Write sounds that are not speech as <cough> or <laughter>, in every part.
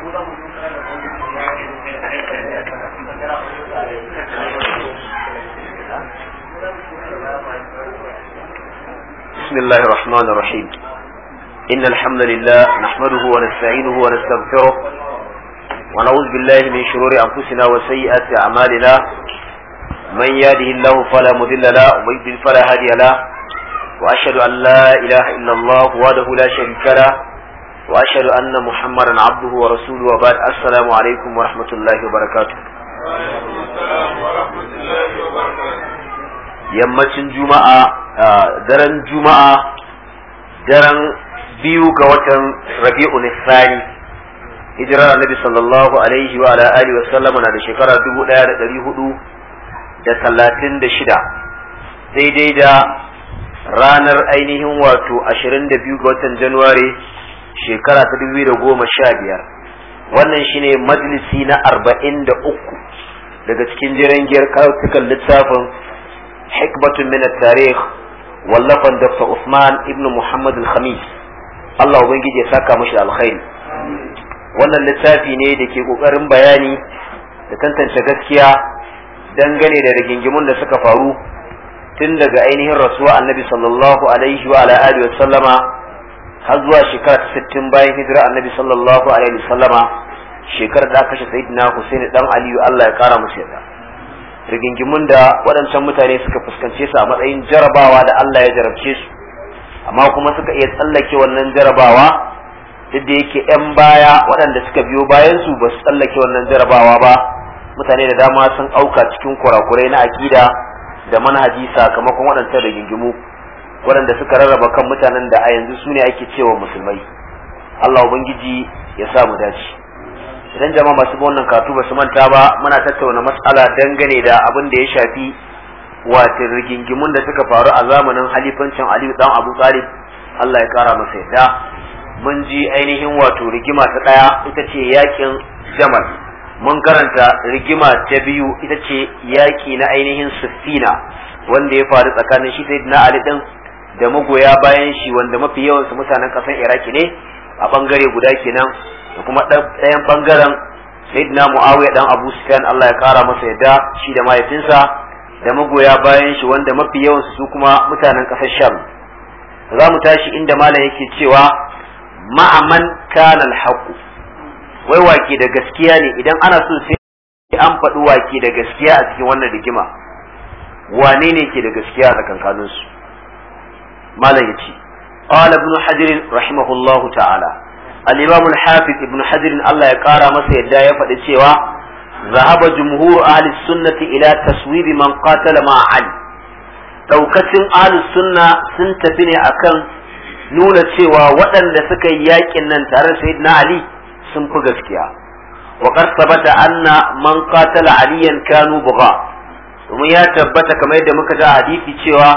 بسم الله الرحمن الرحيم إن الحمد لله نحمده ونستعينه ونستغفره ونعوذ بالله من شرور أنفسنا وسيئات أعمالنا من يهده الله فلا مذل له ومن يضلل فلا هادي له وأشهد أن لا إله إلا الله وحده لا شريك له وأشهد أن محمدا عبده ورسوله وبعد السلام عليكم ورحمة الله وبركاته yammacin juma'a daren juma'a daren biyu ga watan rabi'ul thani hijirar annabi sallallahu alaihi wa ala alihi wa sallama na da shekara 1436 daidai da ranar ainihin wato 22 ga watan januwari shekara ta dubu da goma sha biyar wannan shine majalisi na arba'in da uku daga cikin jirangiyar karatukan littafin hikmatun mina tarih wallafan dr usman ibn muhammad al-khamis allah ubangiji ya saka mashi alkhairi wannan littafi ne da ke kokarin bayani da tantance gaskiya dangane da rigingimun da suka faru tun daga ainihin rasuwa annabi sallallahu alaihi wa alihi wa sallama har zuwa shekara ta sittin bayan hijira annabi sallallahu alaihi wasallama shekarar da aka kashe sayyidina husaini dan aliyu allah ya kara masa yarda rigingimun da waɗancan mutane suka fuskance su a matsayin jarabawa da allah ya jarabce su amma kuma suka iya tsallake wannan jarabawa duk da yake yan baya waɗanda suka biyo bayan su ba su tsallake wannan jarabawa ba mutane da dama sun auka cikin kurakurai na akida da manhaji sakamakon waɗancan rigingimu waɗanda suka rarraba kan mutanen da a yanzu su ne ake cewa musulmai Allah ubangiji ya sa mu dace idan jama'a masu bin wannan katu ba su manta ba muna tattauna matsala dangane da abin da ya shafi wato rigingimun da suka faru a zamanin halifancin Aliyu dan Abu Talib Allah ya kara masa yadda mun ji ainihin wato rigima ta ɗaya ita ce yakin Jamal mun karanta rigima ta biyu ita ce yaki na ainihin Sufina wanda ya faru tsakanin shi na Ali din da magoya bayan shi wanda mafi yawansu mutanen kasar iraki ne a bangare guda kenan da kuma ɗayan ɓangaren sayyidina muawiya dan abu sufyan allah ya kara masa yadda shi da mahaifinsa da magoya bayan shi wanda mafi yawansu su kuma mutanen kasar sham za mu tashi inda malam yake cewa ma'aman kana alhaqu wai wake da gaskiya ne idan ana so sai an faɗi wake da gaskiya a cikin wannan rigima wane ne ke da gaskiya a su malam ya ce qala ibn hajar rahimahullahu ta'ala al-imam al-hafiz ibn hajar Allah ya kara masa yadda ya faɗi cewa Zahaba jumhur ahli sunnati إلى تصويب من قاتل مع علي ɗaukacin ahli sunna sun tafi ne akan nuna cewa waɗanda suka yi yakin nan tare da sayyidina ali sun fi gaskiya wa qad sabata anna man qatala aliyan kanu buga domin ya tabbata kamar yadda muka ga hadisi cewa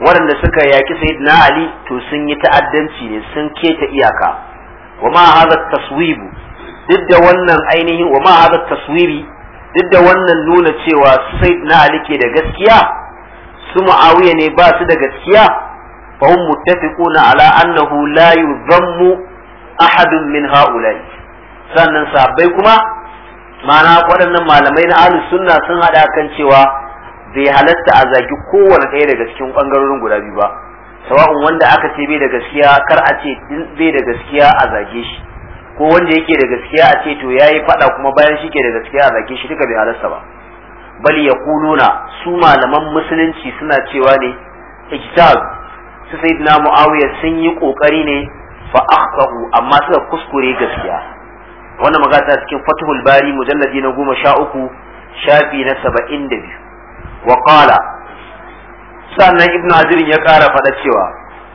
waɗanda suka yaƙi yaki na ali to sun yi ta'addanci ne sun keta iyaka wa ma hadha taswibu duk da wannan ainihin wa ma hadha taswibi duk da wannan nuna cewa na ali ke da gaskiya su muawiya ne ba su da gaskiya fa hum muttafiquna ala annahu la yudhammu ahadun min ha'ula'i sannan sabbai kuma ma'ana waɗannan malamai na ahlus sunna sun hada kan cewa bai halatta a zagi kowane ɗaya daga cikin ɓangarorin guda biyu ba sawa'un wanda aka ce bai da gaskiya kar a ce bai da gaskiya a zage shi ko wanda yake da gaskiya a ce to yayi faɗa kuma bayan shi ke da gaskiya a zage shi duka bai halatta ba bal ya yaquluna su malaman musulunci suna cewa ne ijtihad su na muawiya sun yi kokari ne fa akhtahu amma suka kuskure gaskiya wannan magana cikin fathul bari mujalladi na 13 shafi na da biyu. wa qala sannan ibnu hajirin ya ƙara faɗa cewa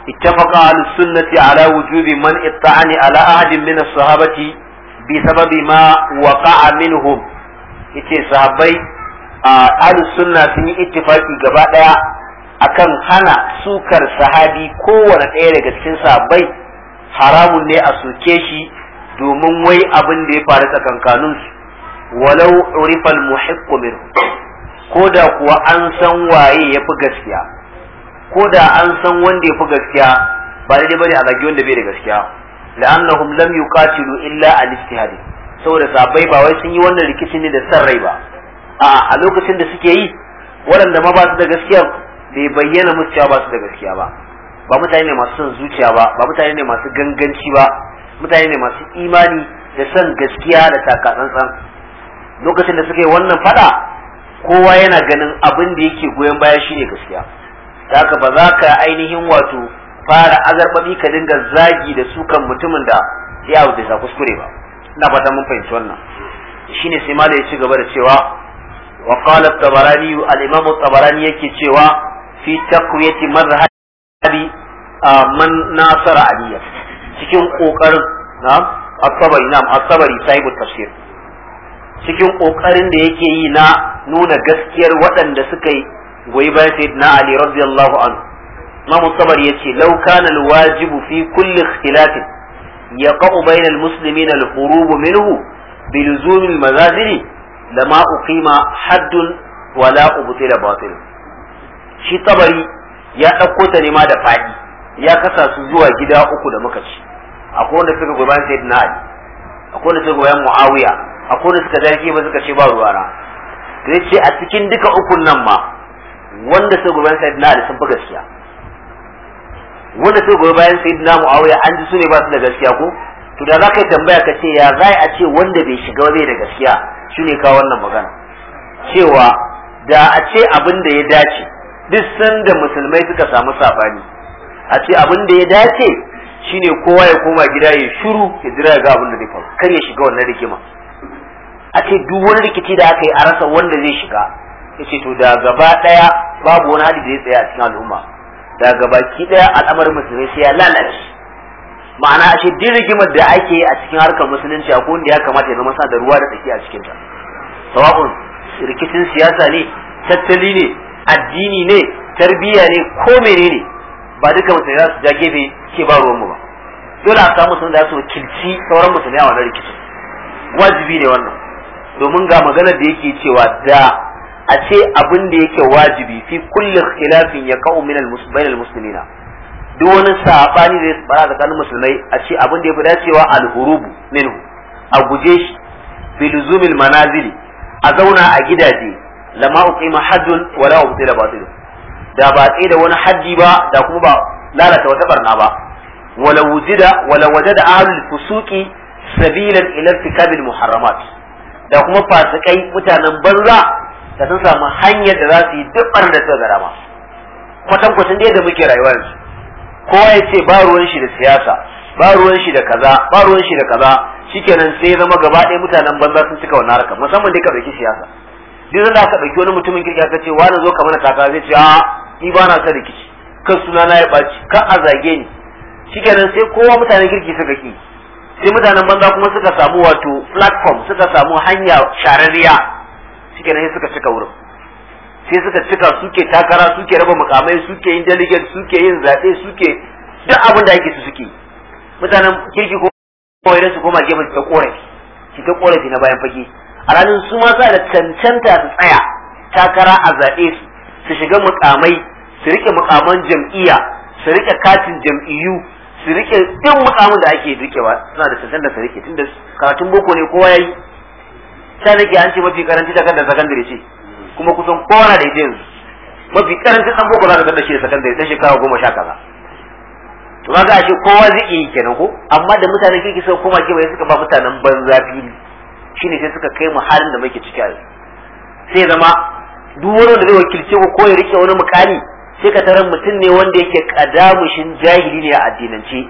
ittafaqa ahlus sunnati ala wujubi man itta'ani ala ahadin min as-sahabati bi sababi ma waqa'a minhum yace sahabbai ahlus sunna sun yi ittifaqi gaba daya akan hana sukar sahabi kowane ɗaya daga cikin sahabbai haramun ne a soke shi domin wai abin da ya faru tsakankaninsu walau urifal muhiqqu ko da kuwa an san waye ya fi gaskiya ko da an san wanda ya fi gaskiya ba daidai bane a zagi wanda bai da gaskiya la'annahum lam yuqatilu illa al ijtihadi saboda sabai ba wai sun yi wannan rikicin ne da san rai ba a a lokacin da suke yi waɗanda ma ba su da gaskiya bai bayyana musu cewa ba su da gaskiya ba ba mutane ne masu son zuciya ba ba mutane ne masu ganganci ba mutane ne masu imani da san gaskiya da takatsantsan lokacin da suka yi wannan fada kowa yana ganin abin da yake goyon baya shine gaskiya da haka ba za ka ainihin wato fara azarbabi ka dinga zagi da sukan mutumin da ya da sa kuskure ba ina fata mun fahimci wannan Shi ne sai malai ya ci gaba da cewa wa qala tabarani al-imam tabarani yake cewa fi taqwiyati madhhabi man nasara aliyya cikin kokarin na asabari na asabari tabari sahibu tafsir cikin kokarin da yake yi na nuna gaskiyar waɗanda suka yi goyi bayan sayyidina ali radiyallahu anhu imamu sabar yace ce, kana alwajib fi kulli ya yaqa'u bayna almuslimin alhurub minhu biluzum almazazil lama uqima haddun wala ubtila batil shi tabari ya ɗauko ta nema da faɗi ya kasa su zuwa gida uku da muka ci akwai wanda suka goyi bayan sayyidina ali akwai wanda suka goyi muawiya akwai wanda suka dace ba suka ce ba ruwana to yace a cikin duka ukun nan ma wanda sai gobe sayyidina Ali sun fi gaskiya wanda sai gobe bayan sayyidina Muawiya an ji su ne ba su da gaskiya ko to da za ka yi tambaya ka ce ya za a ce wanda bai shiga bai da gaskiya shi ne kawo wannan magana cewa da a ce abin da ya dace duk sanda musulmai suka samu sabani a ce abin da ya dace shine kowa ya koma gida ya shiru ya jira ga abin da zai faru kar ya shiga wannan rigima a ce duk wani rikici da aka yi a rasa wanda zai shiga yace to da gaba daya babu wani hali da ya tsaya a cikin al'umma da gaba ki daya al'amarin musulmai sai ya lalace ma'ana ashe duk rigimar da ake a cikin harkar musulunci a wanda ya kamata ya zama sa da ruwa da tsaki a cikinta. sawa'un rikicin siyasa ne tattali ne addini ne tarbiyya ne ko menene ba duka musulmai za su ja gefe ke ba ruwan mu ba dole a samu sun da su kilci sauran musulmai a wannan rikicin wajibi ne wannan domin ga maganar da yake cewa da a ce abin da yake wajibi fi kulli khilafin ya ka'u min al-musbain al-muslimina duk wani sabani da ya tsara tsakanin musulmai a ce abin da ya fi dacewa al-hurubu minhu a guje shi bi luzumil manazili a zauna a gidaje lama uqima hajjun wala ubtila batil da ba tsaye da wani haji ba da kuma ba lalata wata barna ba wala wujida wala wajada ahlul fusuqi sabilan ila irtikabil muharramat da kuma fasikai mutanen banza da sun samu hanyar da za su yi duk ɓarin da suka gara ma kwatan kwatan da muke rayuwa yanzu kowa ya ce ba ruwan shi da siyasa ba ruwan shi da kaza ba ruwan shi da kaza shikenan sai ya zama gaba ɗaya mutanen banza sun cika wannan harkar musamman dai ka ɗauki siyasa duk da ka ɗauki wani mutumin kirki ka ce wani zo ka mana kaka zai ce a ni ba na son rikici kan suna na ya ɓaci kan a zage ni shikenan sai kowa mutanen kirki suka ki sai mutanen banza kuma suka samu wato platform suka samu hanya shararriya suke nan suka cika wurin sai suka cika suke takara suke raba mukamai suke yin delegate suke yin zaɓe suke duk abin da ake su suke mutanen kirki ko kawai su koma gefe ta korafi ki ta korafi na bayan fage A ranar su ma sa da cancanta su tsaya takara a zaɓe su su shiga mukamai su rike mukaman jam'iyya su rike katin jam'iyyu su rike din mukamin da ake rikewa suna da tantan da su rike tunda karatun boko ne kowa yayi ta nake an ce mafi karanci da kan da sakandare ce kuma kusan kowa na da ita yanzu mafi karanci dan boko za ka san da shi da sakandare dan shekara goma sha kaza to ga ashe kowa zai iya kenan ko amma da mutane kirki suka koma ke bai suka ba mutanen banza fili shine sai suka kai mu halin da muke ciki a sai zama duk wani da zai wakilce ko ya rike wani mukami sai ka tarar mutum ne wanda yake kadamushin jahili ne a addinance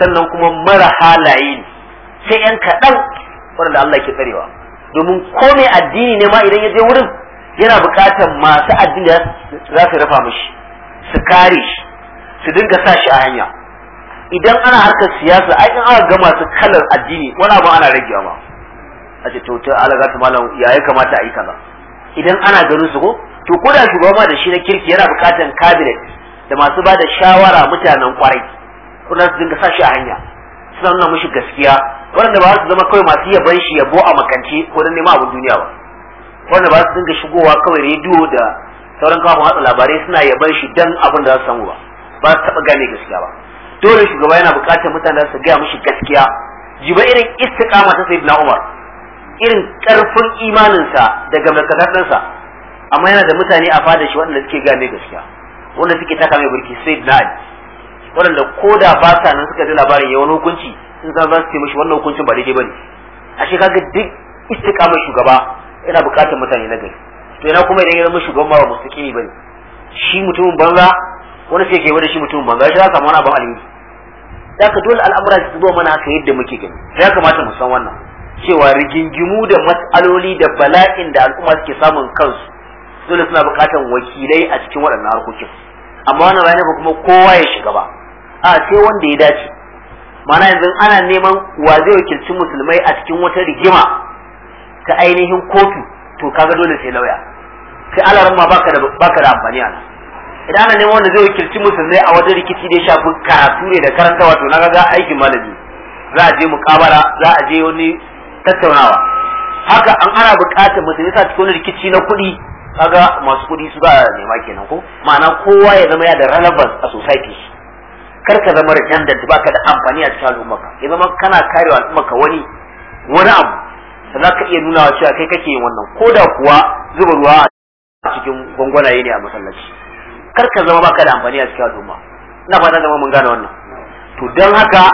sannan kuma mara halaye ne sai yan kaɗan waɗanda Allah ke tsarewa domin komai addini ne ma idan ya je wurin yana buƙatar masu addini za su rafa mashi, su kare shi su dinga sa shi a hanya idan ana harkar siyasa ai in aka ga masu kalar addini wani abu ana ragewa ma a ce to ta alaga malam ya kamata a yi kaza idan ana ganin su ko to ko da shugaba ma da shi na kirki yana bukatan cabinet da masu ba da shawara mutanen kwarai kuna su dinga sa shi a hanya suna nuna mushi gaskiya waɗanda ba su zama kawai masu yabon shi yabo a makance ko don neman abin duniya ba waɗanda ba su dinga shigowa kawai rediyo da sauran kafin watsa labarai suna yabon shi dan abin da za su samu ba ba su taɓa gane gaskiya ba dole shugaba yana bukatar mutanen su gaya mushi gaskiya jiba irin istiqama ta sayyidina Umar irin karfin imaninsa daga gamlakatar ɗansa amma yana da mutane a fada shi waɗanda suke game gaskiya wanda suke taka mai burki sai da ali waɗanda ko da ba sa nan suka ji labarin yawan hukunci sun san za su ce mishi wannan hukuncin ba daidai bane ashe kaga duk istiqamar shugaba yana buƙatar mutane na gari to yana kuma idan ya zama shugaban ba mustaqimi bane shi mutumin banza wani sai ke wani shi mutumin banza shi za ka wani abin alheri ka dole al'amura su zo mana haka yadda muke gani ya kamata mu san wannan cewa rigingimu da matsaloli da bala'in da al'umma suke samun kansu dole suna buƙatar wakilai a cikin waɗannan harkokin amma wannan rana ba kuma kowa ya shiga ba a sai wanda ya dace mana yanzu ana neman wa zai wakilci musulmai a cikin wata rigima ta ainihin kotu to kaga dole sai lauya Sai alaran ma baka da baka da amfani a idan ana neman wanda zai wakilci musulmai a wajen rikici da ya shafi karatu ne da karanta wato na ga aikin malami za a je muƙabara. za a je wani tattaunawa haka an ana buƙatar musulmi sa cikin wani rikici na kuɗi kaga masu kuɗi su ba a nema kenan ko ma'ana kowa ya zama ya da relevance a society kar ka zama redundant ba ka da amfani a cikin al'umma ka ya zama kana al'umma ka wani wani abu da ka iya nuna wa cewa kai kake yin wannan ko da kuwa zuba ruwa a cikin gwangwanaye ne a masallaci kar ka zama baka da amfani a cikin al'umma ina fatan zama mun gane wannan to don haka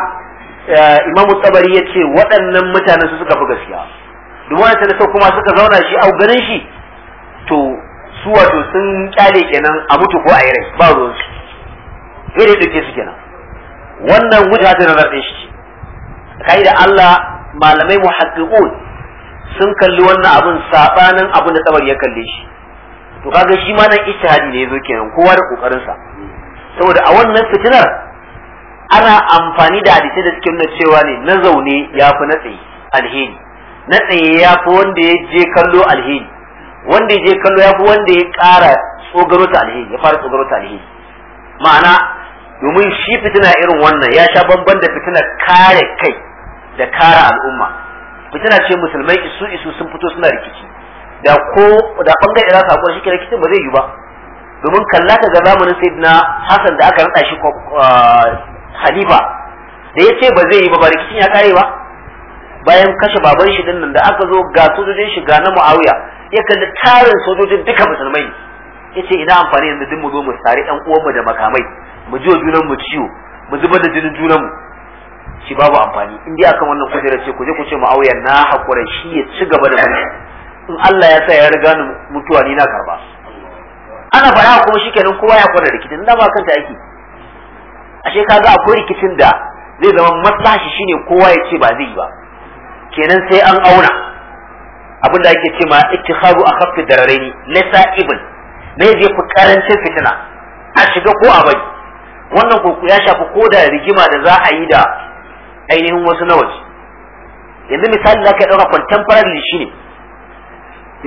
eh, Imam tabari ya ce waɗannan mutanen su suka fi gaskiya duk wani sanata kuma suka zauna shi au ganin shi to su wato sun kyale kenan a mutu ko a yi rai ba ruwan su iri duke su kenan wannan wuce ta nazar din shi kai da Allah malamai muhaqqiqun sun kalli wannan abun saɓanan abun da tsabar ya kalle shi to kaga shi ma nan ijtihadi ne yazo kenan kowa da kokarin sa saboda a wannan fitinar ana amfani da hadisi da suke nuna cewa ne na zaune ya fi na tsaye alheri na tsaye ya fi wanda ya je kallo alheri wanda ya je kallo ya fi wanda ya kara tsogaro ta alheri ya fara tsogaro ta alheri ma'ana domin shi fitina irin wannan ya sha bamban da fitina kare kai da kara al'umma fitina ce musulmai isu isu sun fito suna rikici da ko da bangare za su shi rikicin ba zai yi ba domin kalla ta ga zamanin sayyidina hasan da aka rada shi ah, halifa da ya ce ba zai yi ba ba rikicin ya kare ba bayan kashe baban shi dinnan da aka zo ga sojojin shi ga na muawiya ya kalli tarin sojojin duka musulmai ya ce ina amfani yanzu duk mu zo mu sare ɗan uwanmu da makamai mu ji wa mu ciwo mu zubar da jinin mu? shi babu amfani in dai akan wannan kujerar ce ku je ku ce mu auyan na hakura shi ya ci gaba da mulki in Allah ya sa ya riga ni mutuwa ni na karba ana fara kuma shikenan kowa ya kwana rikicin da ba kanta yake ashe kaga akwai rikicin da zai zama maslahi shine kowa ya ce ba zai yi ba kenan sai an auna abin da ake cewa ittikhadu akhaffi dararaini na sa'ibin ne zai fi karancin fitina a shiga ko a bai wannan ko ya shafi ko da rigima da za a yi da ainihin wasu na waje yanzu misali za ka ɗauka contemporary shi ne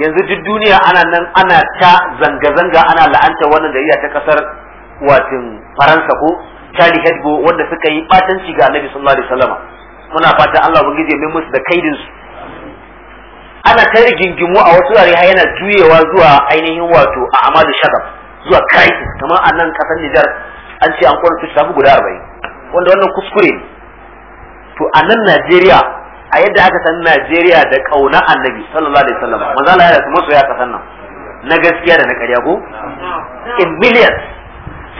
yanzu duk duniya ana nan ana ta zanga-zanga ana la'anta wannan da ta kasar watin faransa ko charlie hebdo wanda suka yi batanci ga annabi sallallahu alaihi wasallama muna fata allah ubangiji ya mai musu da kaidinsu ana ta rigingimu a wasu wurare yana juyewa zuwa ainihin wato a amalu shagab zuwa kai kamar a nan kasar Nijar an ce an kwana su tafi guda arba'in wanda wannan kuskure ne to a nan Najeriya a yadda aka san Najeriya da kauna annabi sallallahu alaihi wasallam manzo Allah ya kuma soyayya kasan nan na gaskiya da na ƙarya ko in millions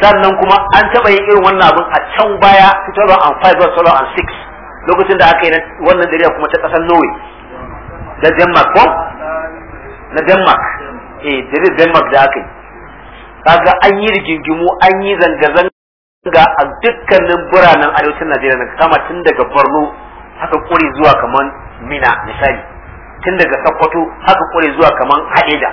sannan kuma an taba yin irin wannan abin a can baya 2005 2006 lokacin da aka yi wannan dariya kuma ta kasar Norway na denmark ko na denmark eh da denmark da aka yi kaga an yi rigingimu an yi zanga-zanga a dukkanin biranen arewacin najeriya na kama tun daga borno haka kore zuwa kaman mina misali tun daga sokoto haka kore zuwa kaman haɗeda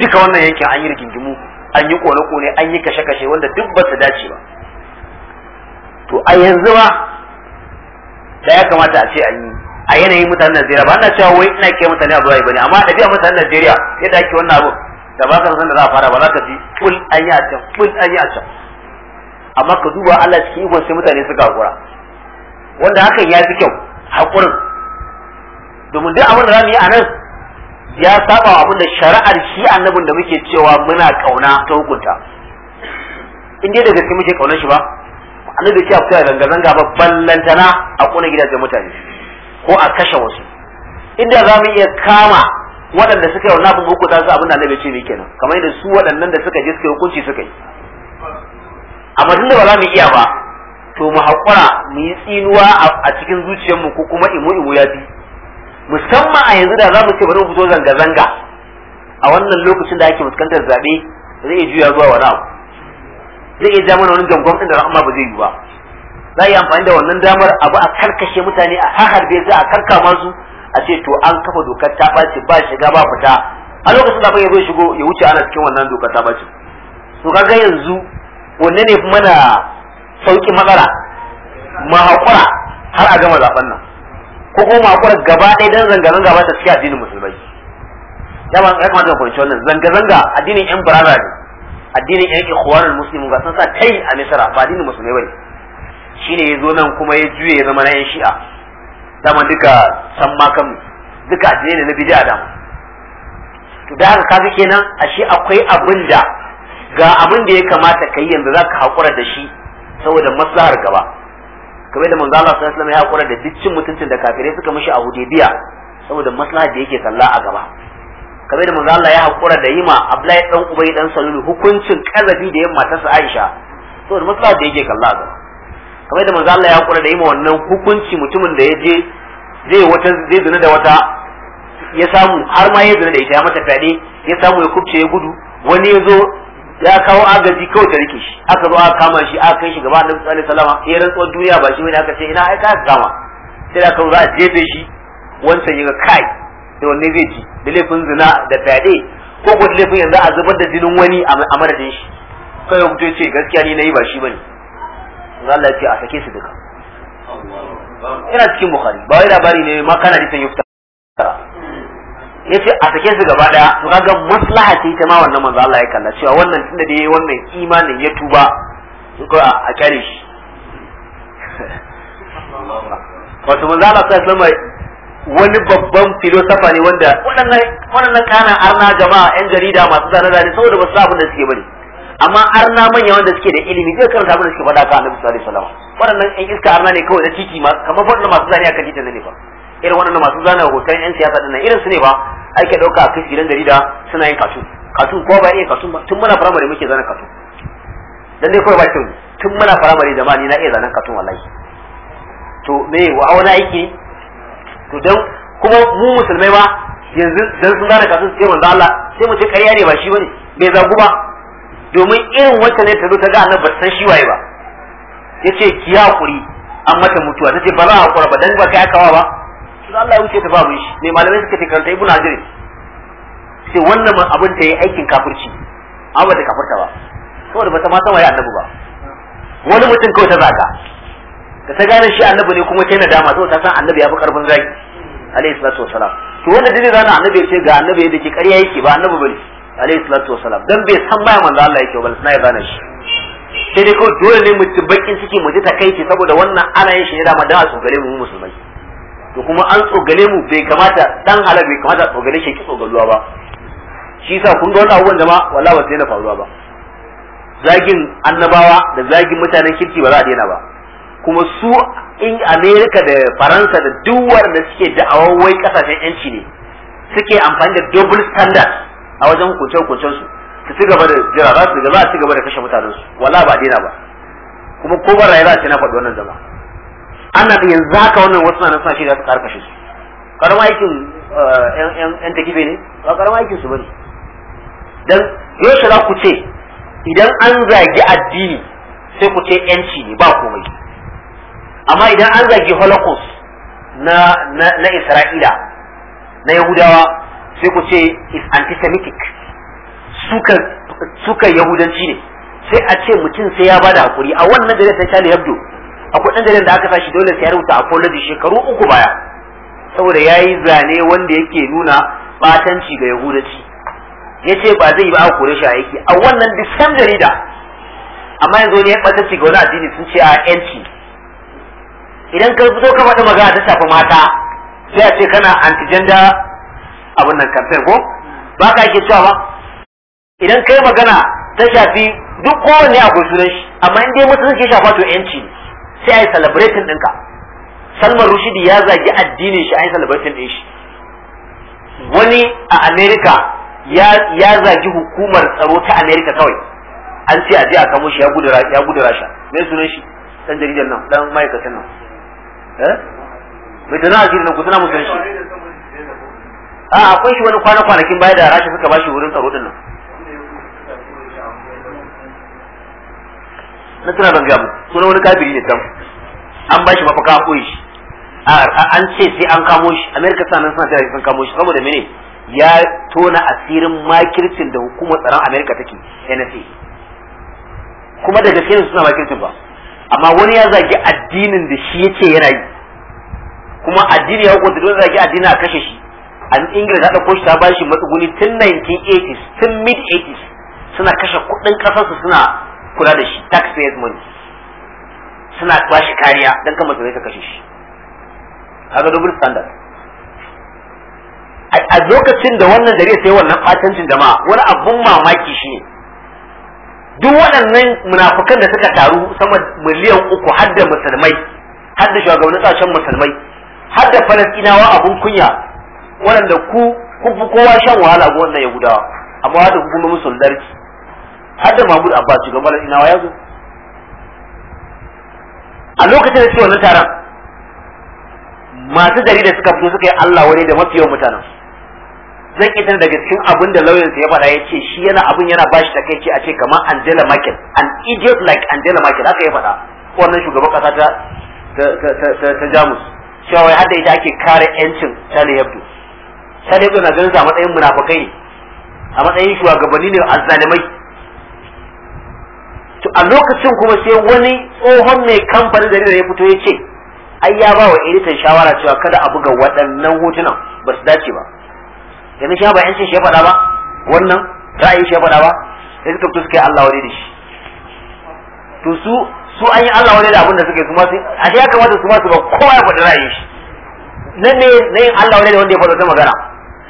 duka wannan yankin an yi rigingimu an yi kone-kone an yi kashe-kashe wanda duk ba su dace ba to a yanzu ba da ya kamata a ce an yi a yanayin mutanen Najeriya ba na cewa wai ina ke mutane abu bane amma da biya mutanen Najeriya sai da ake wannan abu da ba ka san da za a fara ba za ka ji kul an yi a can kul an yi a can amma ka duba Allah cikin ikon sai mutane suka hakura wanda hakan ya fi kyau hakurin domin duk abin da za mu yi a nan ya saba wa abin da shari'ar shi annabin da muke cewa muna kauna ta hukunta in dai da gaske muke kaunar shi ba annabi ce a fita zanga-zanga ba ballantana a kona gidajen mutane ko a kashe wasu inda za mu iya kama waɗanda suka yi wa abin hukuta su abin da na ce ne kenan kamar yadda su waɗannan da suka je suka yi hukunci suka yi amma tun da ba za mu iya ba to mu haƙura mu yi tsinuwa a cikin zuciyarmu ko kuma imu imu ya fi musamman a yanzu da za mu ce bari mu fito zanga-zanga a wannan lokacin da ake fuskantar zaɓe zai iya juya zuwa wani abu zai iya ja mana wani gangon ɗin da ba zai yi ba za a yi amfani da wannan damar abu a karkashe mutane a harbe za a karka masu a ce to an kafa dokar ta ɓace ba shiga ba fita a lokacin da ya zo shigo ya wuce ana cikin wannan dokar ta ɓace to kaga yanzu wanne ne mana sauki matsala ma haƙura har a gama zaɓen nan ko kuma haƙura gaba ɗaya don zanga-zanga ba ta cikin addinin musulmai ya ba ya kamata fahimci wannan zanga-zanga addinin yan barara ne addinin yan ikhwanul muslimin ga san sa kai a misra ba addinin musulmai bane shi ne ya zo nan kuma ya juye zama na yan shi'a dama duka san makam duka addini ne na bid'a da to da haka kaji kenan a shi akwai abin da ga abin da ya kamata kai yanzu zaka hakura da shi saboda maslahar gaba kamar da manzo Allah sallallahu alaihi wasallam ya hakura da cin mutuncin da kafirai suka mishi a Hudaybiya saboda maslahar da yake sallah a gaba kamar da manzo Allah ya hakura da yima Abdullahi dan Ubay dan Salulu hukuncin kazabi da yamma ta Aisha saboda maslahar da yake kalla a gaba kamar yadda manzo Allah ya kura da yi wannan hukunci mutumin da ya je zai wata zai zina da wata ya samu har ma ya zina da ita ya mata fyaɗe ya samu ya kubce ya gudu wani ya zo ya kawo agaji kawai ta rike shi aka zo aka kama shi aka kai shi gaba annabi sallallahu alaihi wasallam ya rantsuwar duniya ba shi ne aka ce ina ai ka kama sai da zo za a jefe shi wancan ya kai da wanne zai ji da laifin zina da fyaɗe ko ko da laifin yanzu a zubar da jinin wani a madadin shi kai ya ce gaskiya ni nayi ba shi bane Allah ya ce a sake su duka yana cikin bukhari ba wai labari ne ma kana da yufta yace a sake su gaba daya to kaga maslaha ce ta ma wannan manzo Allah ya kalla cewa wannan tunda da yayi wannan imanin ya tuba to ko a kare shi wato manzo Allah sallallahu alaihi wani babban filosofa ne wanda waɗannan waɗannan kana arna jama'a yan jarida masu zane zane saboda ba su abin da suke bari amma arna manya wanda suke da ilimi zai kan samu da suke faɗa ka annabi sallallahu alaihi wasallam waɗannan ɗan iska arna ne kawai da titi ma kamar waɗannan masu zane akan titi ne ba irin waɗannan masu zane hoton yan siyasa dinnan nan irin su ne ba ake ɗauka a kai gidan jarida suna yin katun katun ko ba yin katun ba tun muna firamare muke zana katun dan dai kawai ba kyau tun muna firamare ba ni na iya zanen katun wallahi to me wa wani aiki to dan kuma mu musulmai ba yanzu dan sun zana katun sai manzo Allah sai mu ce ƙarya ne ba shi bane bai zagu ba domin irin wacce ne ta zo ta ga annabi ba san shi waye ba yace ki hakuri an mata mutuwa tace ba za a hakura ba dan ba kai wa ba to Allah ya wuce ta babu shi ne malamai suka ce karanta ibnu hajar sai wannan abin ta yi aikin kafirci amma ta kafirta ba saboda ba ta ma san waye annabi ba wani mutum kawai ta zaga da ta gane shi annabi ne kuma na nadama saboda ta san annabi ya fi karfin zaki alayhi salatu wassalam to wanda dai zana annabi ya ce ga annabi da ke ƙarya yake ba annabi bane alaihi salatu salam dan bai san baya manzo Allah yake ba sai ya gane shi sai dai ko dole ne mu bakin ciki mu ji takaici saboda wannan ana yin shi ne dama dan a tsogale mu musulmai to kuma an tsogale mu bai kamata dan halal bai kamata tsogale shi ki tsogaluwa ba shi yasa kun ga wannan abubuwan jama'a wallahi ba sai na faruwa ba zagin annabawa da zagin mutanen kirki ba za a daina ba kuma su in Amerika da Faransa da duk da suke da'awar wai kasashen yanci ne suke amfani da double standard a wajen kuce-kucen su su ci gaba da jira za su ga za a ci gaba da kashe mutanen su wala ba daina ba kuma ko ba rayuwa ce na faɗi wannan zama ana da yanzu haka wannan wasu na suna shirya su karkashe su karamar aikin yan eh, takibe ne ba karamar aikin su bane dan yaushe za ku ce idan an zagi addini sai ku ce yanci ne ba komai amma idan an zagi holocaust na na, na isra'ila na yahudawa sai ku ce is antisemitic suka suka yahudanci ne sai a ce mutum sai ya bada hakuri a wannan jaridar ta Charlie Hebdo akwai dan jaridar da aka sashi dole sai ya rubuta a apology shekaru uku baya saboda yayi zane wanda yake nuna batanci ga yahudanci yace ba zai ba a kore shi a yake a wannan disam jarida amma yanzu ne ya batanci ga wani addini sun ce a yanci idan ka fito ka faɗi magana ta shafi mata sai a ce kana anti abin nan kamfen ko ba ka ake cewa idan kai magana ta shafi duk kowanne akwai sunan shi amma in dai sun ke shafa to yanci sai a yi celebrating ɗinka salman rushidi ya zagi addinin shi a yi celebrating ɗin shi wani a america ya zagi hukumar tsaro ta america kawai an ce a a kamo shi ya gudu rasha mai sunan shi dan jaridar nan dan ma'aikatan nan eh mai tana a jirgin ku suna mutunci a akwai shi wani kwana kwanakin baya da rashi suka bashi wurin tsaro din nan na tana ban gamu sunan wani kafiri ne tam an bashi mafaka a koyi shi an ce sai an kamo shi amerika sanan suna tare sun kamo shi saboda mene ya tona asirin makircin da hukumar tsaron amerika take nsa kuma da gaske suna makircin ba amma wani ya zagi addinin da shi yake yana yi kuma addini ya hukunta dole zagi addini a kashe shi an ingila ta ɗauko shi ta ba shi matsuguni tun 1980s tun mid 80s suna kashe kuɗin ƙasarsu suna kula da shi tax payers money suna ba shi kariya don kan musulmai ka kashe shi haka double standard a lokacin da wannan dare sai wannan fatancin jama'a wani abun mamaki shi ne duk waɗannan munafukan da suka taru sama miliyan uku har da musulmai har da shugabannin sashen musulmai har da abun kunya waɗanda ku ku fi kowa shan wahala ga wannan yahudawa amma hada ku kuma musul larki har da mahmud abbas shugaban ina wa yazo a lokacin da suke wannan taron masu jarida suka fito suka yi allah wani da mafi yawan mutanen zan ita tana daga cikin abin da sa ya faɗa ya ce shi yana abin yana bashi takaici a ce kamar angela merkel an idiot like angela merkel haka ya faɗa wannan shugaban ƙasa ta ta jamus cewa har da ita ake kare 'yancin charlie hebdo dai na ganin a matsayin munafikai ne a matsayin shugabanni ne a zalimai to a lokacin kuma sai wani tsohon mai kamfanin da ya fito ya ce ai ya ba wa editan shawara cewa kada a buga waɗannan hotunan ba su dace ba yanzu shi ba yancin shi ya faɗa ba wannan ra'ayin shi ya faɗa ba sai suka fito suka yi Allah wani da shi to su su an yi Allah wani da abin da suke kuma su a ya kamata su ma su ba kowa ya faɗi ra'ayin shi nan ne na yin Allah wani da wanda ya faɗa ta magana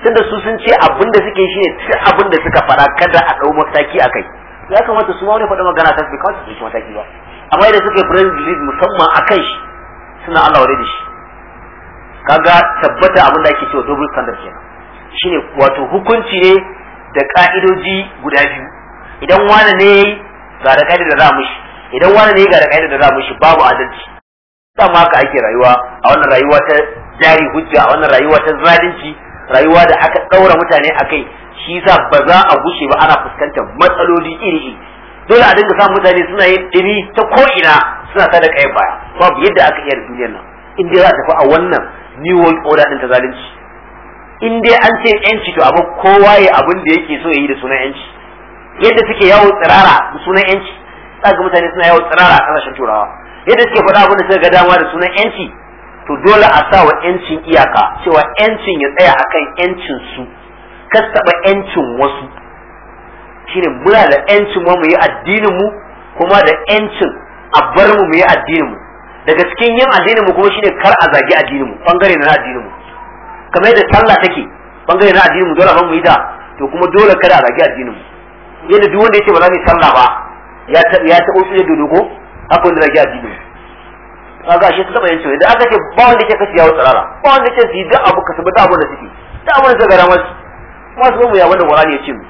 tunda su sun ce abin da suke ne duk abin da suka fara kada a dau mataki akai ya kamata su ma wani faɗa magana ta su kawai su mataki ba amma idan suka yi press release musamman akan shi suna Allah da shi kaga tabbata abin da ake cewa double standard kenan shine wato hukunci ne da ka'idoji guda biyu idan wani ne ga da ka'idar da za shi idan wani ne ga da ka'idar da za shi babu adalci sama haka ake rayuwa a wannan rayuwa ta jari hujja a wannan rayuwa ta zalunci rayuwa da aka ɗaura mutane a kai shi sa ba za a gushe ba ana fuskantar matsaloli iri dole a dinga samun mutane suna yin ɗimi ta ko'ina suna tada kayan baya babu yadda aka iya duniyar nan in dai za a tafi a wannan new world order ɗin ta zalunci in dai an ce yanci to abin kowa ya abin da yake so ya yi da sunan yanci yadda suke yawo tsirara da sunan yanci za mutane suna yawo tsirara a ƙasashen turawa yadda suke faɗa abin da suka ga dama da sunan yanci to dole a sa wa yancin iyaka cewa yancin ya tsaya akan yancin su kas taba yancin wasu shine muna da yancin mu mu yi addinin mu kuma da yancin a bar mu mu yi addinin mu daga cikin yin addinin mu kuma shine kar a zagi addinin mu bangare na addinin mu kamar yadda sallah take bangare na addinin mu dole ban mu yi da to kuma dole kada a zagi addinin mu yadda duk wanda yake ba za mu yi sallah ba ya taɓa ya ta su ya dodo ko haka wanda zagi addinin mu kaga shi kuma yin cewa idan aka ce ba wanda yake kashi yawo tsarara ba wanda yake ji yi duk abu kasu duk abu da suke duk abu da suka masu masu mu ya wanda Qur'ani ya ce mu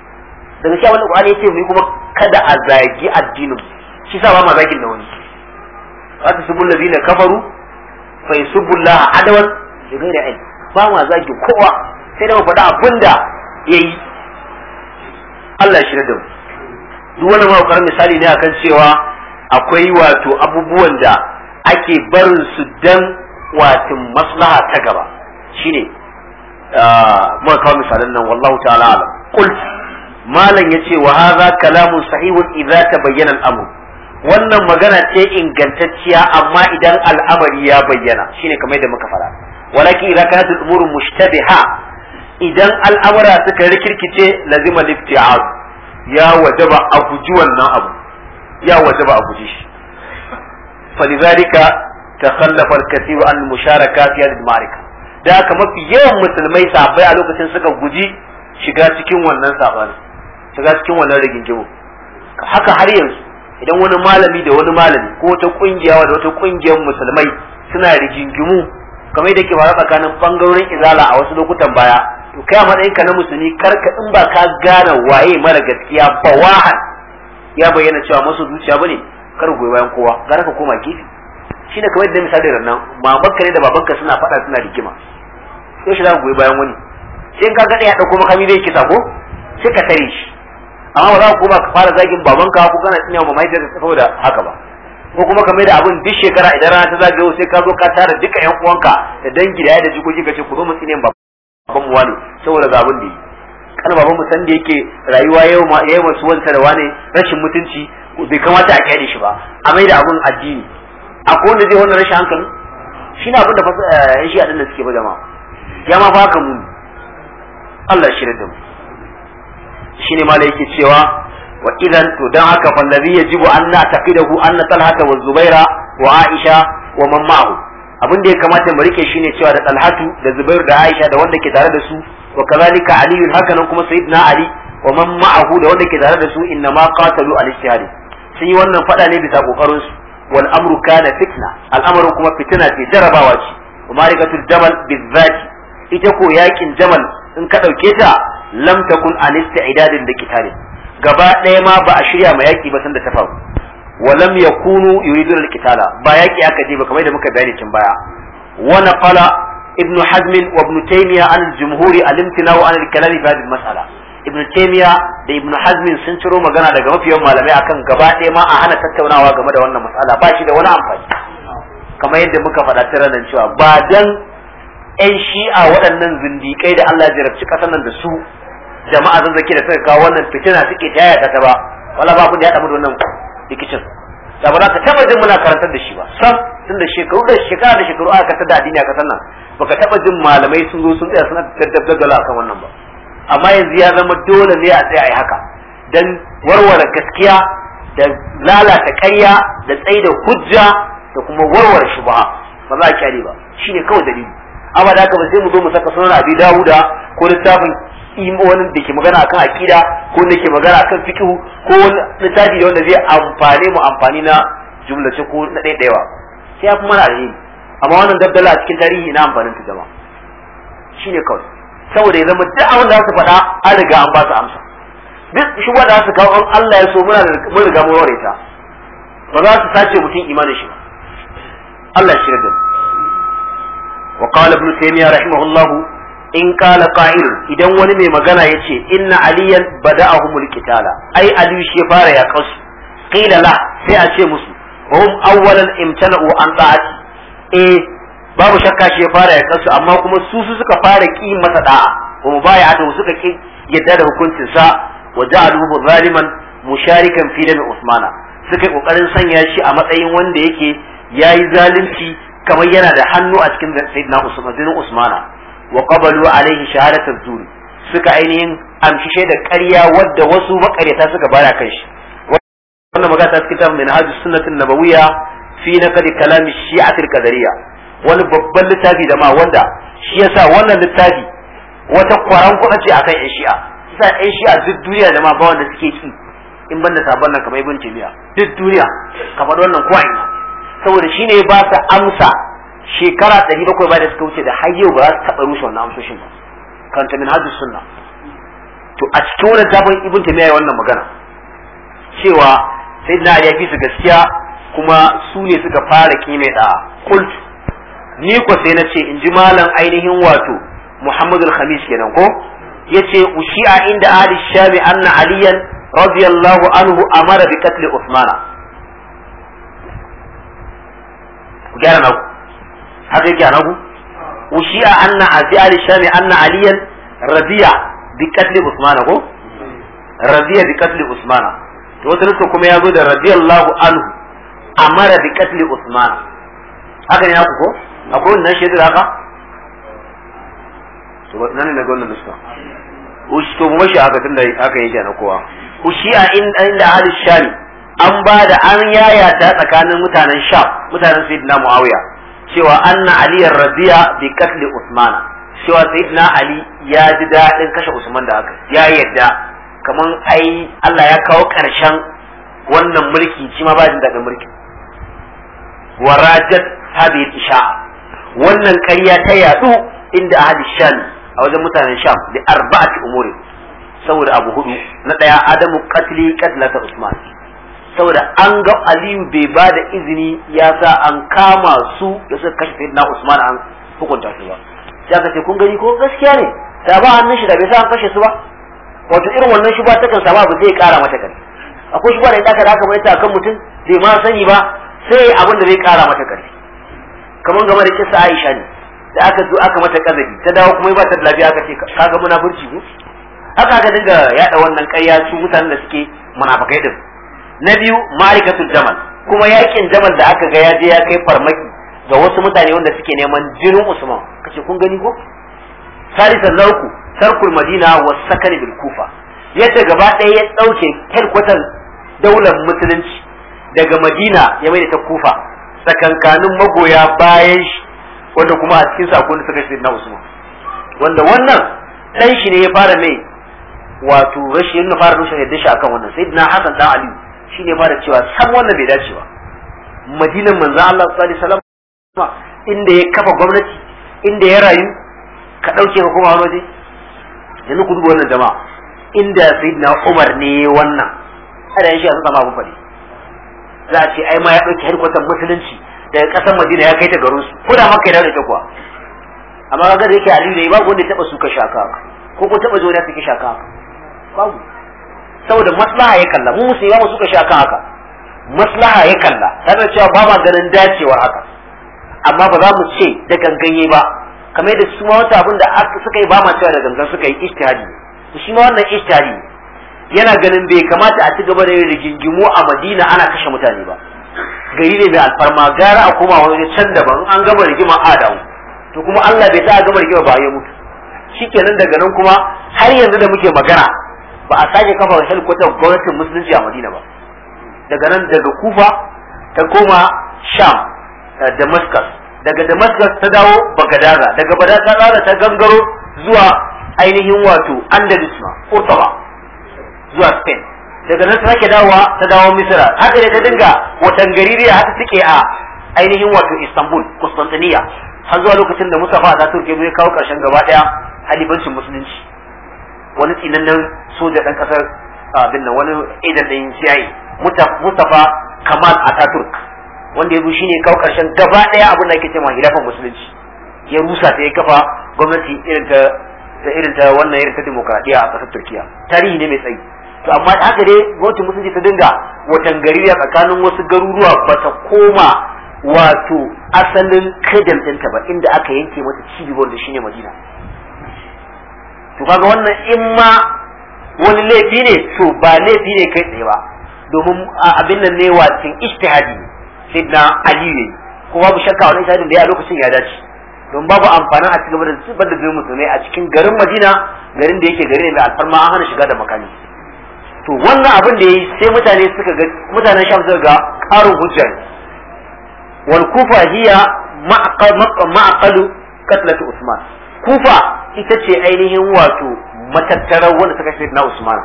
daga shi wanda Qur'ani ya ce mu kuma kada a zagi addinin shi sa ba ma zagin da wani wata subul ladina kafaru fa yusubullah adawan bi ghairi ilm ba ma zagi kowa sai da faɗa abinda yayi Allah shi da mu duk wani ma misali ne akan cewa akwai wato abubuwan da ake barin su dan watin maslaha ta gaba shine ah, muka kawo misalan nan wallahu ta'ala alam qul malam yace wa hadha kalamun sahihun idza tabayyana al-amr wannan magana ce ingantacciya amma idan al'amari ya bayyana shine kamar yadda muka fara walakin idza kanat al-umur mushtabiha idan al'amara suka rikirkice lazima lifti'az ya wajaba a guji wannan abu ya wajaba a guji shi فلذلك تخلف الكثير عن المشاركة في هذه المعركة da haka mafi yawan musulmai sabai a lokacin suka guji shiga cikin wannan sabanin shiga cikin wannan rigingimu haka har yanzu idan wani malami da wani malami ko wata kungiya da wata kungiyar musulmai suna rigingimu kamar da ke fara tsakanin bangarorin izala a wasu lokutan baya to kai a matsayinka na musulmi karka in ba ka gane waye mara gaskiya bawahan ya bayyana cewa masu zuciya bane kar goyi bayan kowa gara ka koma gefe ne kamar da misali da nan mamanka ne da babanka suna faɗa suna rigima sai shi za ka goyi bayan wani sai ka ga ya dauko makami zai kisa ko sai ka tare shi amma ba za ka koma ka fara zagin babanka ko kana tsinya wa mahaifiyarka saboda haka ba ko kuma ka mai da abin duk shekara idan rana ta zagayo sai ka zo ka tara duka yan uwanka da dangi da yadda jikoki ka ce ku zo mu tsine babanmu wani saboda ga da yi kana babanmu san da yake rayuwa yau ma yau masu wanta da wane rashin mutunci bai kamata a kyale shi ba a mai da abun addini akwai wanda zai wannan rashin hankali shi na abin da eh, ya shi adin da suke ba ma ya ma baka mu Allah shi da mu ne ma yake cewa wa idan to dan haka fallabi yajibu an na taqidahu an talhata wa zubaira wa aisha wa man ma'ahu abin da ya kamata mu rike shine cewa da talhatu da zubair da aisha da wanda ke tare da su wa kazalika aliyun hakanan kuma sayyidina ali wa man ma'ahu da wanda ke tare da su inna ma qatalu al-ijtihadi sun yi wannan faɗa ne bisa kokarin su wal amru kana fitna al'amarin kuma fitina ce jarabawa ce marikatul jamal bizzati ita ko yakin jamal in ka dauke ta lam takun an istidadin da gaba ɗaya ma ba a shirya ma yaki ba sanda ta faru walam yakunu yuridun alqitala ba yaki aka je ba kamar da muka bayani tun baya wa naqala ibnu hazm wa ibnu taymiya an al-jumhuri al-imtina'u an al-kalam fi hadhihi al-mas'ala ibn taymiya da ibn hazmin sun ciro magana daga mafiyan malamai akan gaba ɗaya ma a hana tattaunawa game da wannan matsala ba shi da wani amfani kamar yadda muka faɗa tare nan cewa ba dan ƴan shi'a waɗannan zindiƙai da Allah ya jarabci ƙasar nan da su jama'a zan zaki da suka kawo wannan fitina suke ta yaya ta ba wala ba ku da ya da wannan rikicin da ba za ka taba jin muna karantar da shi ba sam tun da shekaru da shekara da shekaru aka ta da addini a kasar nan baka taba jin malamai sun zo sun tsaya suna daddabdagala akan wannan ba amma yanzu ya zama dole ne a tsaye a yi haka don warware gaskiya da lalata ƙarya da tsayi da hujja da kuma warware shubha ba za a kyale ba shine kawai dalili amma da haka ba sai mu zo mu saka sunan abi dawuda ko littafin wani da ke magana akan akida ko wanda ke magana akan fiqh ko wani littafi da wanda zai amfane mu amfani na ce ko na ɗaiɗaiwa sai ya fi mana alheri amma wannan dabdala a cikin tarihi na amfanin ta jama'a shine kawai saboda ya zama duk abin da su faɗa an riga an ba su amsa duk shi wanda su kawo an Allah ya so muna mun riga mun ware ta ba za su sace mutum imanin shi Allah shi da wa qala ibn taymiya rahimahullah in qala qa'il idan wani mai magana yace inna aliyan bada'ahumul qitala ai ali shi fara ya kasu qila la sai a ce musu hum awwalan imtana'u an ta'ati eh babu shakka shi ya fara ya kansu amma kuma su su suka fara ki masa ba ya mubayatu suka ki yadda da hukuncin sa wa ja'aluhu zaliman musharikan fi dami usmana suka yi kokarin sanya shi a matsayin wanda yake yayi zalunci kamar yana da hannu a cikin sayyidina usman usmana wa qabalu alaihi shahadatu zuri suka ainihin amshi shaidar ƙarya wadda wasu maƙaryata suka bara kan shi wannan magana ta cikin min hajji sunnatin nabawiyya fi naqdi kalami shi'atil qadariyya wani babban littafi da ma wanda shi yasa wannan littafi wata kwaran kuɗa ce akan yan shi'a yasa yan shi'a duk duniya da ma ba wanda suke ci in banda sabon nan kamar ibn jami'a duk duniya kamar wannan kuwa ina saboda shine ba su amsa shekara 700 ba da suka wuce da har yau ba za su taɓa rushe wannan amsoshin ba ta min hadu sunna to a cikin wannan zafin ibn jami'a wannan magana cewa sai na ya fi su gaskiya kuma su ne suka fara kime da ni ko sai na ce in ji malam ainihin wato muhammadul khamis kenan ko yace ushi'a inda Ali shami anna aliyan radiyallahu anhu amara bi katli usmana ku gyara nagu haka yake nagu ushi'a anna azi Ali shami anna aliyan radiya bi katli usmana ko radiya bi katli usmana to wata nuska kuma ya zo da radiyallahu anhu amara bi katli usmana haka ne ku ko akwai wannan shaidar haka to ba nan ne ga wannan nuska ushi to mashi haka da haka yake na kowa a inda ahli shami an ba da an yaya ta tsakanin mutanen sham mutanen sayyidina muawiya cewa anna ali radiya bi qatl usman cewa sayyidina ali ya ji dadin kashe usman da haka ya yadda kaman ai Allah ya kawo karshen wannan mulki shi ma ba jin dadin mulki warajat hadhihi isha'a wannan ƙarya ta yadu inda ahli sham a wajen mutanen sham da arba'ati umuri saboda abu hudu na daya adamu qatli ta usman saboda an ga aliyu bai ba da izini ya sa an kama su da suka kashe sayyidina usman an hukunta su ba Ya kace kun gani ko gaskiya ne da ba an shi da bai sa an kashe su ba wato irin wannan shi ba takan sama abu zai kara mata kare akwai shi ba da ya aka da aka mai ta kan mutum bai ma sani ba sai abin da zai kara mata kare kamar game da kisa Aisha ne da aka zo aka mata kazabi ta dawo kuma ba ta lafiya aka ce kaga burci ne aka ga dinga yada wannan ƙarya su mutanen da suke munafakai din na biyu ma'aikatul jamal kuma yakin jamal da aka ga ya je ya kai farmaki ga wasu mutane wanda suke neman jinin Usman kace kun gani ko salisan lauku sarkul madina wa sakari bil kufa yadda gaba ɗaya ya ɗauke headquarter daular musulunci daga madina ya mai da ta kufa tsakankanin magoya bayan shi wanda kuma a cikin sakon da suka shi na Usman wanda wannan dan shi ne ya fara mai wato rashin yin fara rushe yadda shi akan wannan sayyidina Hassan dan Ali shine ya fara cewa san wannan bai dace ba madinan manzo Allah sallallahu alaihi wasallam inda ya kafa gwamnati inda ya rayu ka dauke ka kuma waje yanzu ku duba wannan jama'a inda sayyidina Umar ne wannan ada shi a sama abun fadi za a ce ai ma ya ɗauki harkotar musulunci daga ƙasar madina ya kai ta garin su ko da maka ya da kuwa amma kaga da yake aliyu ne babu wanda ya taɓa suka shaka ko ko taɓa zuwa suke shaka babu saboda maslaha ya kalla mu musulmi ba mu suka shaka haka maslaha ya kalla tare cewa ba ma ganin dacewar haka amma ba za mu ce da ganganye ba kamar yadda su ma wata abin da suka yi ba ma cewa da gangan suka yi ijtihadi shi ma wannan ijtihadi yana ganin bai kamata a ci gaba da yin rigingimu a madina ana kashe mutane ba gari ne mai alfarma gara a koma wani can daban an gama rigima adamu to kuma Allah bai sa a gama rigima ba ya mutu shikenan daga nan kuma har yanzu da muke magana ba a sake kafa helikwatar gwamnatin musulunci a madina ba daga nan daga kufa ta koma sham eh, damascus daga damascus ta dawo bagadaza daga bagadaza ta gangaro zuwa ainihin wato ko ma zuwa Spain daga nan sake dawowa ta dawo Misra haka ne ta dinga watan gaririya haka take a ainihin wato Istanbul Constantinople har zuwa lokacin da Mustafa Ataturk ya kawo karshen gaba daya halibancin musulunci wani tsinannen soja dan kasar abin nan wani idan din CIA Mustafa Kamal Ataturk wanda ya zo shine kawo karshen gaba daya abin da ake cewa hilafan musulunci ya rusa ta ya kafa gwamnati irin ta irin ta wannan irin ta demokradiya a ƙasar Turkiya tarihi ne mai tsayi to amma haka dai gwamnatin musulunci ta dinga watan gari a tsakanin wasu garuruwa ba ta koma wato asalin kadan ɗinta ba inda aka yanke mata cibiyar da shine madina to kaga wannan in ma wani laifi ne to ba laifi ne kai tsaye ba domin abin nan ne watin ijtihadi ne sidna ali ne ko babu shakka wani ijtihadin da ya lokacin ya dace don babu amfani a cigaba da zubar da zuwa musulmai a cikin garin madina garin da yake gari ne mai alfarma an hana shiga da makami to wannan abin da yayi sai mutane suka ga mutanen sham suka ga karin hujja wal kufa hiya ma'aqalu qatlatu usman kufa ita ce ainihin wato matattarar wanda suka shirya na usman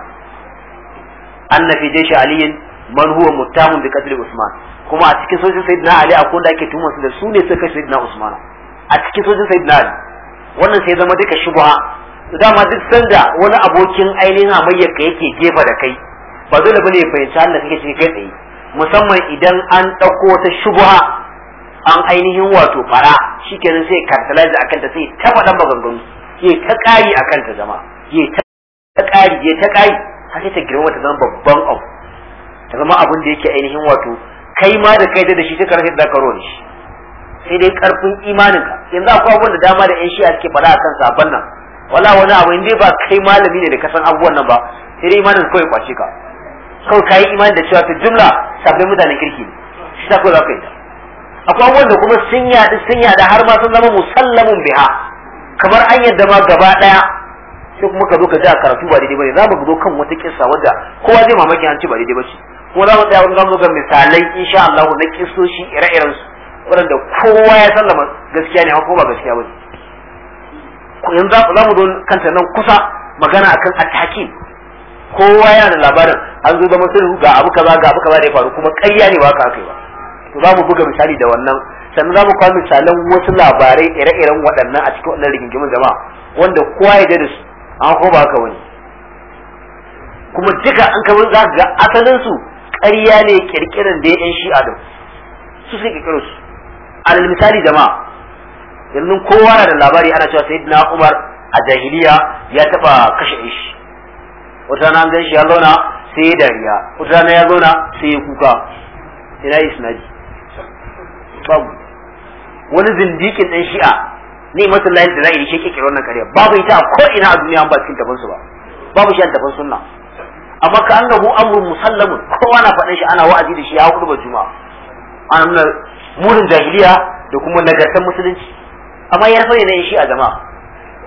annabi jeshi aliyin man huwa muttamun bi qatl usman kuma a cikin sojin sayyidina ali akwai da ake tuhumar su da su ne suka shirya na usman a cikin sojin sayyidina ali wannan sai zama duka shubha dama duk sanda wani abokin ainihin hamayyar ka yake gefa da kai ba zai bane ya fahimci Allah kake ciki kai tsaye musamman idan an ɗauko wata shubuha an ainihin wato fara shi kenan sai kartalaji a kanta sai ta faɗan maganganu ya ta ƙari a ta zama ya ta ƙari ya ta ƙari har sai ta girma ta zama babban abu ta zama abin da yake ainihin wato kai ma da kai da shi ta karfe da karo da shi sai dai karfin imaninka yanzu akwai abin da dama da yan shi'a suke faɗa kan sabon nan wala wani abu in ba kai malami ne da kasan abubuwan nan ba sai dai imanin kawai kwace ka kawai kai imani da cewa ta jumla sabbin mutanen kirki ne shi ta kawai za ka yi akwai abubuwan da kuma sun yaɗu sun yaɗu har ma sun zama musallamun biha kamar an yadda ma gaba ɗaya sai kuma ka zo ka ji karatu ba daidai ba ne. za mu zo kan wata kissa wadda kowa zai mamaki an ci ba daidai ba ce kuma za mu tsaya wani zamu ga misalai insha Allah na kissoshi ire-iren su waɗanda kowa ya sallama gaskiya ne amma kuma ba gaskiya ba ne yanzu za mu zo kanta nan kusa magana akan attaki kowa yana da labarin an zo zaman sulhu ga abu kaza ga abu kaza da ya faru kuma ƙarya ne ba ka kai ba to za mu buga misali da wannan sannan za mu kawo misalan wasu labarai ire-iren waɗannan a cikin wannan rigingimin jama'a wanda kowa ya da su an ko ba ka wani kuma duka an kamar za ga asalin su ƙarya ne kirkirin da ya yan shi'a da su sai kirkiro su alal misali jama'a yanzu kowa na da labari ana cewa sayyidina Umar a jahiliya ya taba kashe shi wata na an shi ya zauna sai ya dariya wata na ya zauna sai ya kuka ina isnadi babu wani zindikin dan shi'a ne masu layin da za'iri shi kekere wannan kariya babu ita a ko ina a duniya ba cikin tabansu ba babu shi a taban sunna amma ka an gabu amrun musallamun kowa na faɗin shi ana wa'azi da shi ya hudu ba juma'a ana nuna murin jahiliya da kuma nagartar musulunci amma ya rafa ne na shi a zama,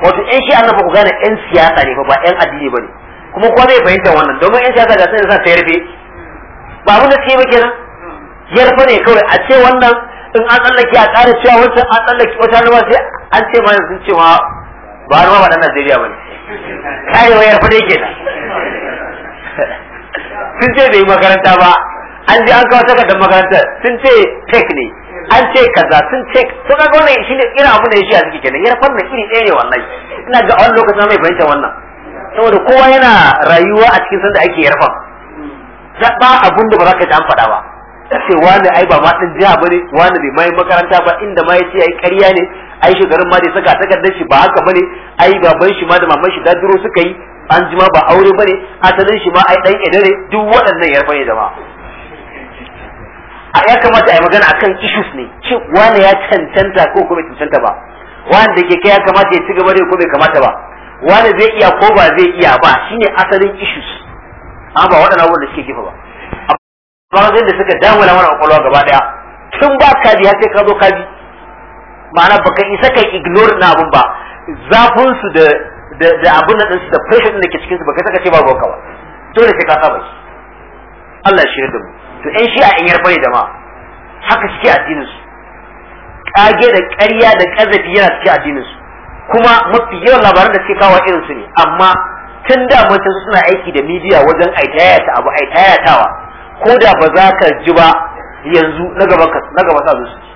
wato yan shi nan ku gane yan siyasa ne ba yan addini ne kuma kowa zai fahimta wannan domin yan siyasa ga sai sa ta yarfe ba abin da suke ba kenan yarfe ne kawai a ce wannan in an tsallake a ƙara cewa wata an tsallake wata ruwa sai an ce ma sun ce ma ba ruwa ba dan Najeriya bane karewa yarfe ne kenan sun ce bai makaranta ba an ji an kawo takardar makarantar sun ce tek ne an ce kaza sun ce to ga wannan shi ne irin abin da ya shi a ciki kenan ya fannin iri ɗaya ne wallahi ina ga wani lokacin mai fahimta wannan saboda kowa yana rayuwa a cikin sanda ake yarfa ba abun da ba za ka ji an faɗa ba ce wani ai ba ma din jiha bane wani bai mai makaranta ba inda ma yace ai ƙarya ne ai shugaban ma da saka takardar shi ba haka bane ai baban shi ma da maman shi da duro suka yi an jima ba aure bane asalin shi ma ai dan edare duk waɗannan yarfa ne jama'a ya kamata a yi magana akan issues ne shi wani ya cancanta ko kuma cancanta ba wani da keke ya kamata ya ci gaba da ko bai kamata ba wani zai iya ko ba zai iya ba shine asalin issues amma ba waɗannan abubuwan da suke gefe ba amma da suka damula mana kwakwalwa gaba daya tun ba kaji har sai ka zo kaji ma'ana baka isa ka ignore na abun ba zafin su da da abun nan su da pressure din da ke cikin su baka saka ce ba boka ba dole sai ka saba shi Allah shi da mu to shi a in yarfa ne jama'a haka suke addinin su kage da ƙarya da ƙazafi yana suke addinin su kuma mafi yawan labaran da suke kawo irin su ne amma tun da mun suna aiki da midiya wajen aitayata abu aitayatawa ko da ba za ka ji ba yanzu na gaba na gaba sa su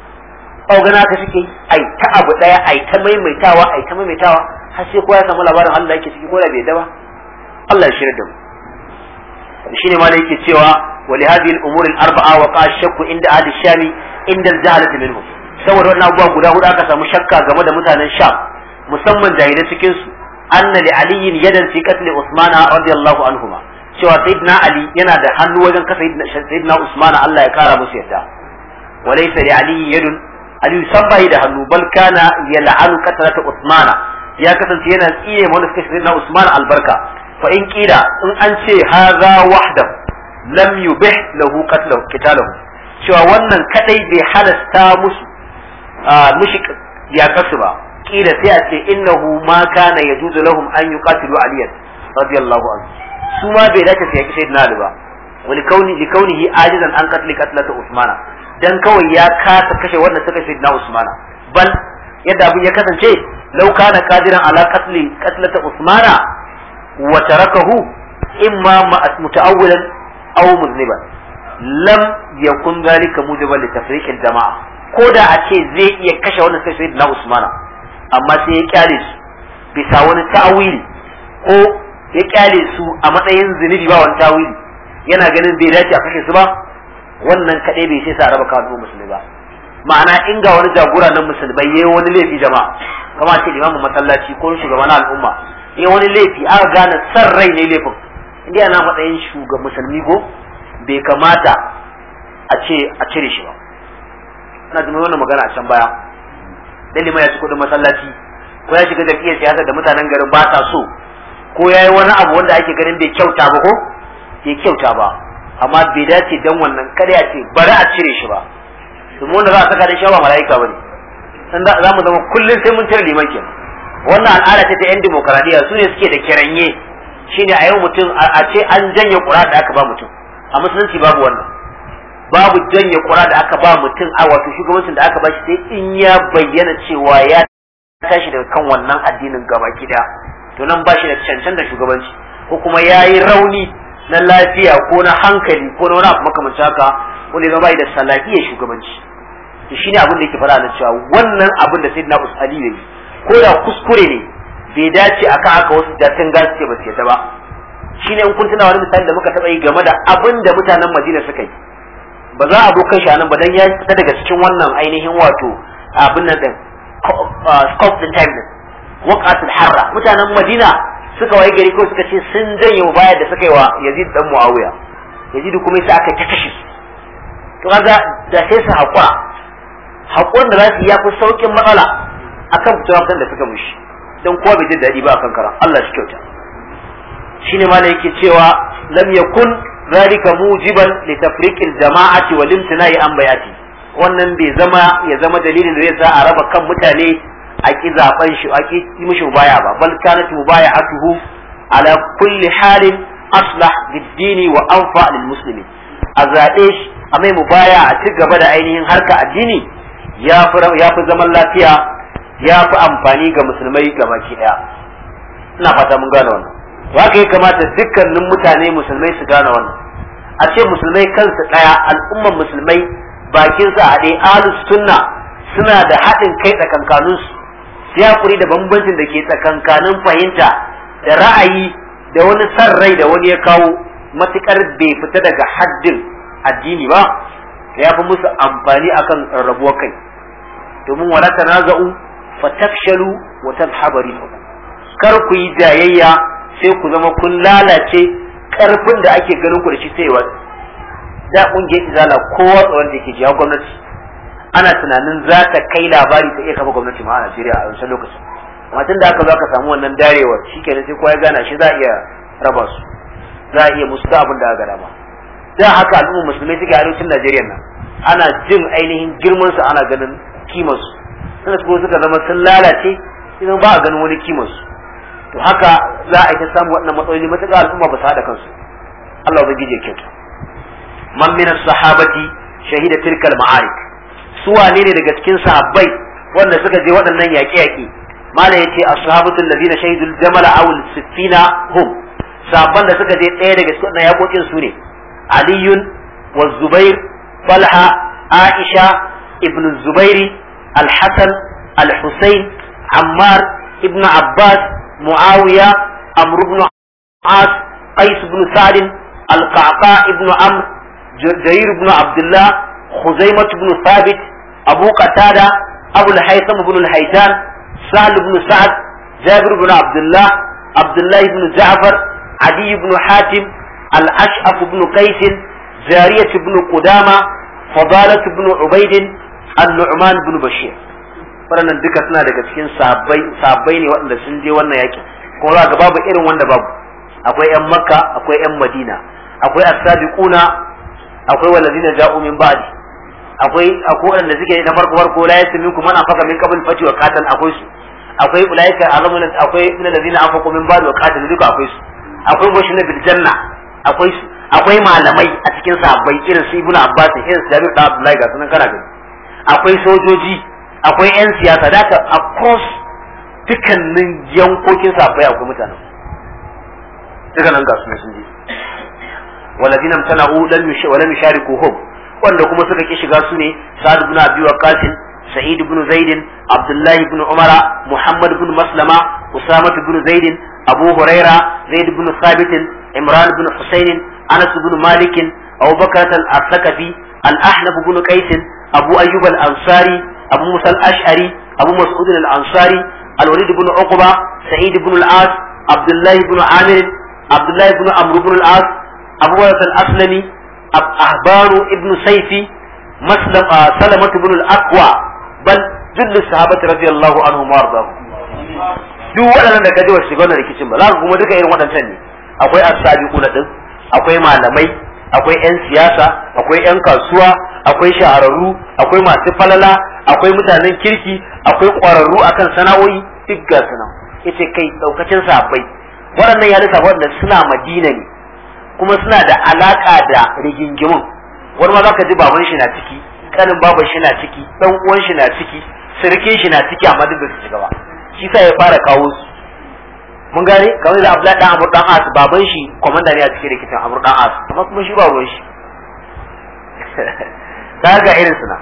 ogana ka suke ai ta abu daya ai ta maimaitawa ai ta maimaitawa har sai kowa ya samu labarin Allah yake ciki ko da bai da ba Allah ya shirya da mu shine ma da yake cewa ولهذه الأمور الأربعة وقع الشك عند أهل الشام عند الجهلة منهم saboda wannan abubuwa guda hudu aka samu shakka game da mutanen sham musamman jahilai cikin su anna li aliyin yadan fi qatl usman radiyallahu anhuma cewa sayyidina ali yana da hannu wajen kasa sayyidina usman Allah ya kara musu yadda walaysa li ali yadun ali san da hannu bal kana yal'anu qatlata usman ya kasance yana tsiye mana suka sayyidina usman albarka fa in kila in an ce hadha wahdahu lam yubih lahu qatlahu qitalahu cewa wannan kadai bai halasta musu mushi ya kasu ba kila sai a ce innahu ma kana yajuzu lahum an yuqatilu aliyan radiyallahu anhu su ma bai dace sai sayyidina ali ba wani kauni li kaunihi ajizan an qatli qatlata usmana dan kawai ya kasa kashe wanda suka sayyidina usmana bal yadda abin ya kasance law kana qadiran ala qatli qatlata usmana wa tarakahu imma muta'awwilan aw muzniban lam yakun zalika mujiban li tafriqil jama'a ko da a ce zai iya kashe wannan sai sai na usmana amma sai ya kyale su bisa wani ta'awili ko ya kyale su a matsayin zinubi ba wani ta'awili yana ganin bai dace a kashe su ba wannan kadai bai sai sa raba kawo musulmi ba ma'ana in ga wani jagora na musulmai yayi wani laifi jama'a kama ce limamin masallaci ko shugaban al'umma yayi wani laifi aka gane son rai ne laifin indiya na matsayin shugaban musulmi go bai kamata a ce a cire shi ba ana jin wannan magana a can baya dalli mai ya ci kudin masallaci ko ya shiga jam'iyyar siyasa da mutanen garin ba sa so ko ya yi wani abu wanda ake ganin bai kyauta ba ko bai kyauta ba amma bai dace dan wannan kada ya ce bari a cire shi ba domin wanda za a saka da shi ba mala'ika ba ne san za mu zama kullum sai mun cire liman kenan wannan al'ada ce ta 'yan demokaradiyya su ne suke da kiranye shine a yau mutum a ce an janye kura da aka ba mutum a musulunci babu wannan babu janye kura da aka ba mutum a wato shugabancin da aka ba shi sai in ya bayyana cewa ya tashi daga kan wannan addinin gaba gida to nan ba shi da cancan da shugabanci ko kuma ya yi rauni na lafiya ko na hankali ko na wani abu makamancin haka ne zama da salahiyar shugabanci to shine abin da yake fara na cewa wannan abin da sai na usali ne ko da kuskure ne bai dace akan haka wasu jatin gan suke ba su yadda ba Shi ne in kun tuna wani misali da muka taba yi game da abin da mutanen Madina suka yi ba za a dokan shi anan ba dan ya fita daga cikin wannan ainihin wato abin nan din uh, scope the time din al harra mutanen Madina suka waye gari ko suka ce sun janye baya da suka yi wa Yazid dan Muawiya Yazid kuma sai aka kashe su to kaga da sai su hakura hakurin da za su yi ya fi saukin matsala akan kan da suka mushi dan kowa bai ji daɗi ba akan kara Allah shi kyauta shine ma yake cewa lam yakun zalika mujiban li tafriqil jama'ati wal imtina'i an bayati wannan bai zama ya zama dalilin da yasa sa a raba kan mutane a ki zaben shi a ki yi mishi baya ba bal kanat mubaya'atuhu ala kulli halin aslah bid-dini wa anfa lil a zaɓe shi a mai mubaya a ci gaba da ainihin harka addini ya fi zaman lafiya ya fi amfani ga musulmai ga baki daya ina fata mun gane wannan to haka ya kamata dukkanin mutane musulmai su gane wannan a ce musulmai kansu ɗaya, al'ummar musulmai bakin su haɗe alus sunna suna da haɗin kai tsakankanin su ya kuri da bambancin da ke tsakankanin fahimta da ra'ayi da wani san rai da wani ya kawo matukar bai fita daga haddin addini ba ya fi musu amfani akan rarrabuwar kai domin wala tanaza'u fatakshalu wa tadhhabu kar ku yi jayayya sai ku zama kun lalace karfin da ake ganin ku da shi sai wani da kungiyar izala kowa tsawon da ke jiya gwamnati ana tunanin za ta kai labari ta iya kafa gwamnati ma a Najeriya a wancan lokacin amma tun da aka zo aka samu wannan darewar shikenan sai kowa ya gana shi za a iya raba su za a iya musu abin da aka gada ba da haka al'ummar musulmai suke arewacin Najeriya nan ana jin ainihin girman su ana ganin kimansu. su sanda su suka zama sun lalace idan ba a ganin wani kimar su to haka za a yi ta samu waɗannan matsaloli matuƙa al'umma ba su haɗa kansu Allah ba gije kyautu man min sahabati shahida tilkal ma'arik su wane ne daga cikin sahabbai wanda suka je waɗannan yaƙe-yaƙe malam yace ashabatul ladina shaidul jamala aw sifina hum sahabban da suka je ɗaya daga cikin waɗannan su ne aliyun wa zubair falha aisha ibn zubairi الحسن الحسين عمار ابن عباس معاوية أمر بن عاص قيس بن سعد القعقاع بن عمرو جرير بن عبد الله خزيمة بن ثابت أبو قتادة أبو الهيثم بن الهيجان سهل بن سعد جابر بن عبد الله عبد الله بن جعفر عدي بن حاتم الأشعف بن قيس جارية بن قدامة فضالة بن عبيد al-nu'man ibn bashir waɗannan duka suna daga cikin sabai. Sabai ne waɗanda sun je wannan yakin kuma za ga babu irin wanda babu akwai ƴan makka akwai ƴan madina akwai as-sabiquna akwai walladina ja'u min ba'di akwai akwai waɗanda suke na farko farko la yasmin kuma an faka min qabl fati wa qatal akwai su akwai ulaika alamun akwai min alladina anfaqu min ba'di wa qatal duka akwai su akwai mushina bil janna akwai su akwai malamai a cikin sabai irin su ibnu abbas irin su jabir da abdullahi ga sunan kana gani akwai sojoji akwai 'yan siyasa da aka across dukkanin yankokin akwai akwai mutanen dukkanin ga su sun je walazina mtana'u lam yushi wa lam yushariku hum wanda kuma suka ki shiga su ne sa'id ibn abi waqqas sa'id ibn zaid abdullah ibn umara muhammad ibn maslama usama ibn zaid abu huraira zaid ibn thabit imran ibn husayn anas ibn malik abubakar al-thaqafi al-ahnaf ibn qais abu ayyub al-ansari abu musa ashari abu mas'ud al-ansari al-walid ibn uqba sa'id ibn al-as abdullah ibn amir abdullah ibn amr ibn al aslami مسلم سلمة بن الأقوى بل جل الصحابة رضي الله عنهم وأرضاهم duk waɗannan da kaji wasu wannan rikicin ba za ku kuma duka irin waɗancan ne akwai asali kuna ɗin, akwai malamai akwai 'yan siyasa akwai 'yan kasuwa akwai shahararru akwai masu falala akwai mutanen kirki akwai kwararru akan sana'o'i duk ga sunan yace kai daukacin sabai waɗannan ya lissafa waɗanda suna madina ne kuma suna da alaƙa da rigingimun wani ma zaka ji baban shi na ciki kanin baban shi na ciki dan uwan shi na ciki sirkin shi na ciki amma duk ba su shiga ba shi sa ya fara kawo su mun gane kamar da Abdullahi dan Amr dan As baban shi komanda ne a cikin rikicin Amr dan As amma kuma shi ba ruwan shi <laughs> ga irin suna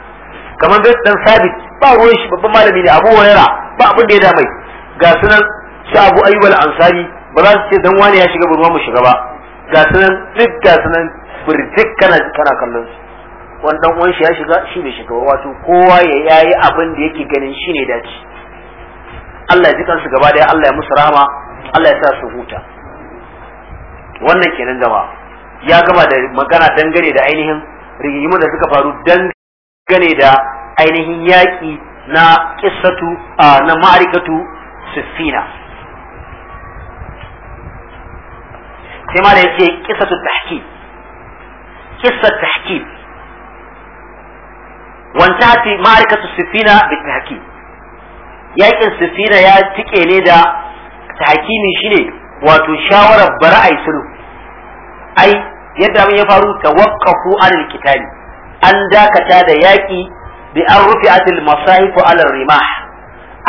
kamar zai dan sabit ba ruwan shi babban malami ne abu wayara ba abin da ya damai ga sunan su abu ayyub al-ansari ba za su ce dan wani ya shiga burwa mu shiga ba ga sunan duk ga sunan burjik kana kana kallon su wani dan uwan shi ya shiga shi ne shiga wato kowa ya yayi abin da yake ganin shi ne dace Allah ya ji kansu gaba daya Allah ya musu rahama Allah ya sa su huta wannan kenan gaba ya gama da magana dangane da ainihin rigimun da suka faru dangane da ainihin yaƙi na kissatu na ma'arikatu siffina sai ma da ya ce kissatu tahki kissatu tahki wanta fi ma'arikatu siffina bi tahki yaƙin siffina ya tike ne da tahkimi shine wato shawarar bara'ai sulhu ai yadda abin ya faru tawaqqafu anil qitali an dakata da yaƙi bi an atil masahifu alal rimah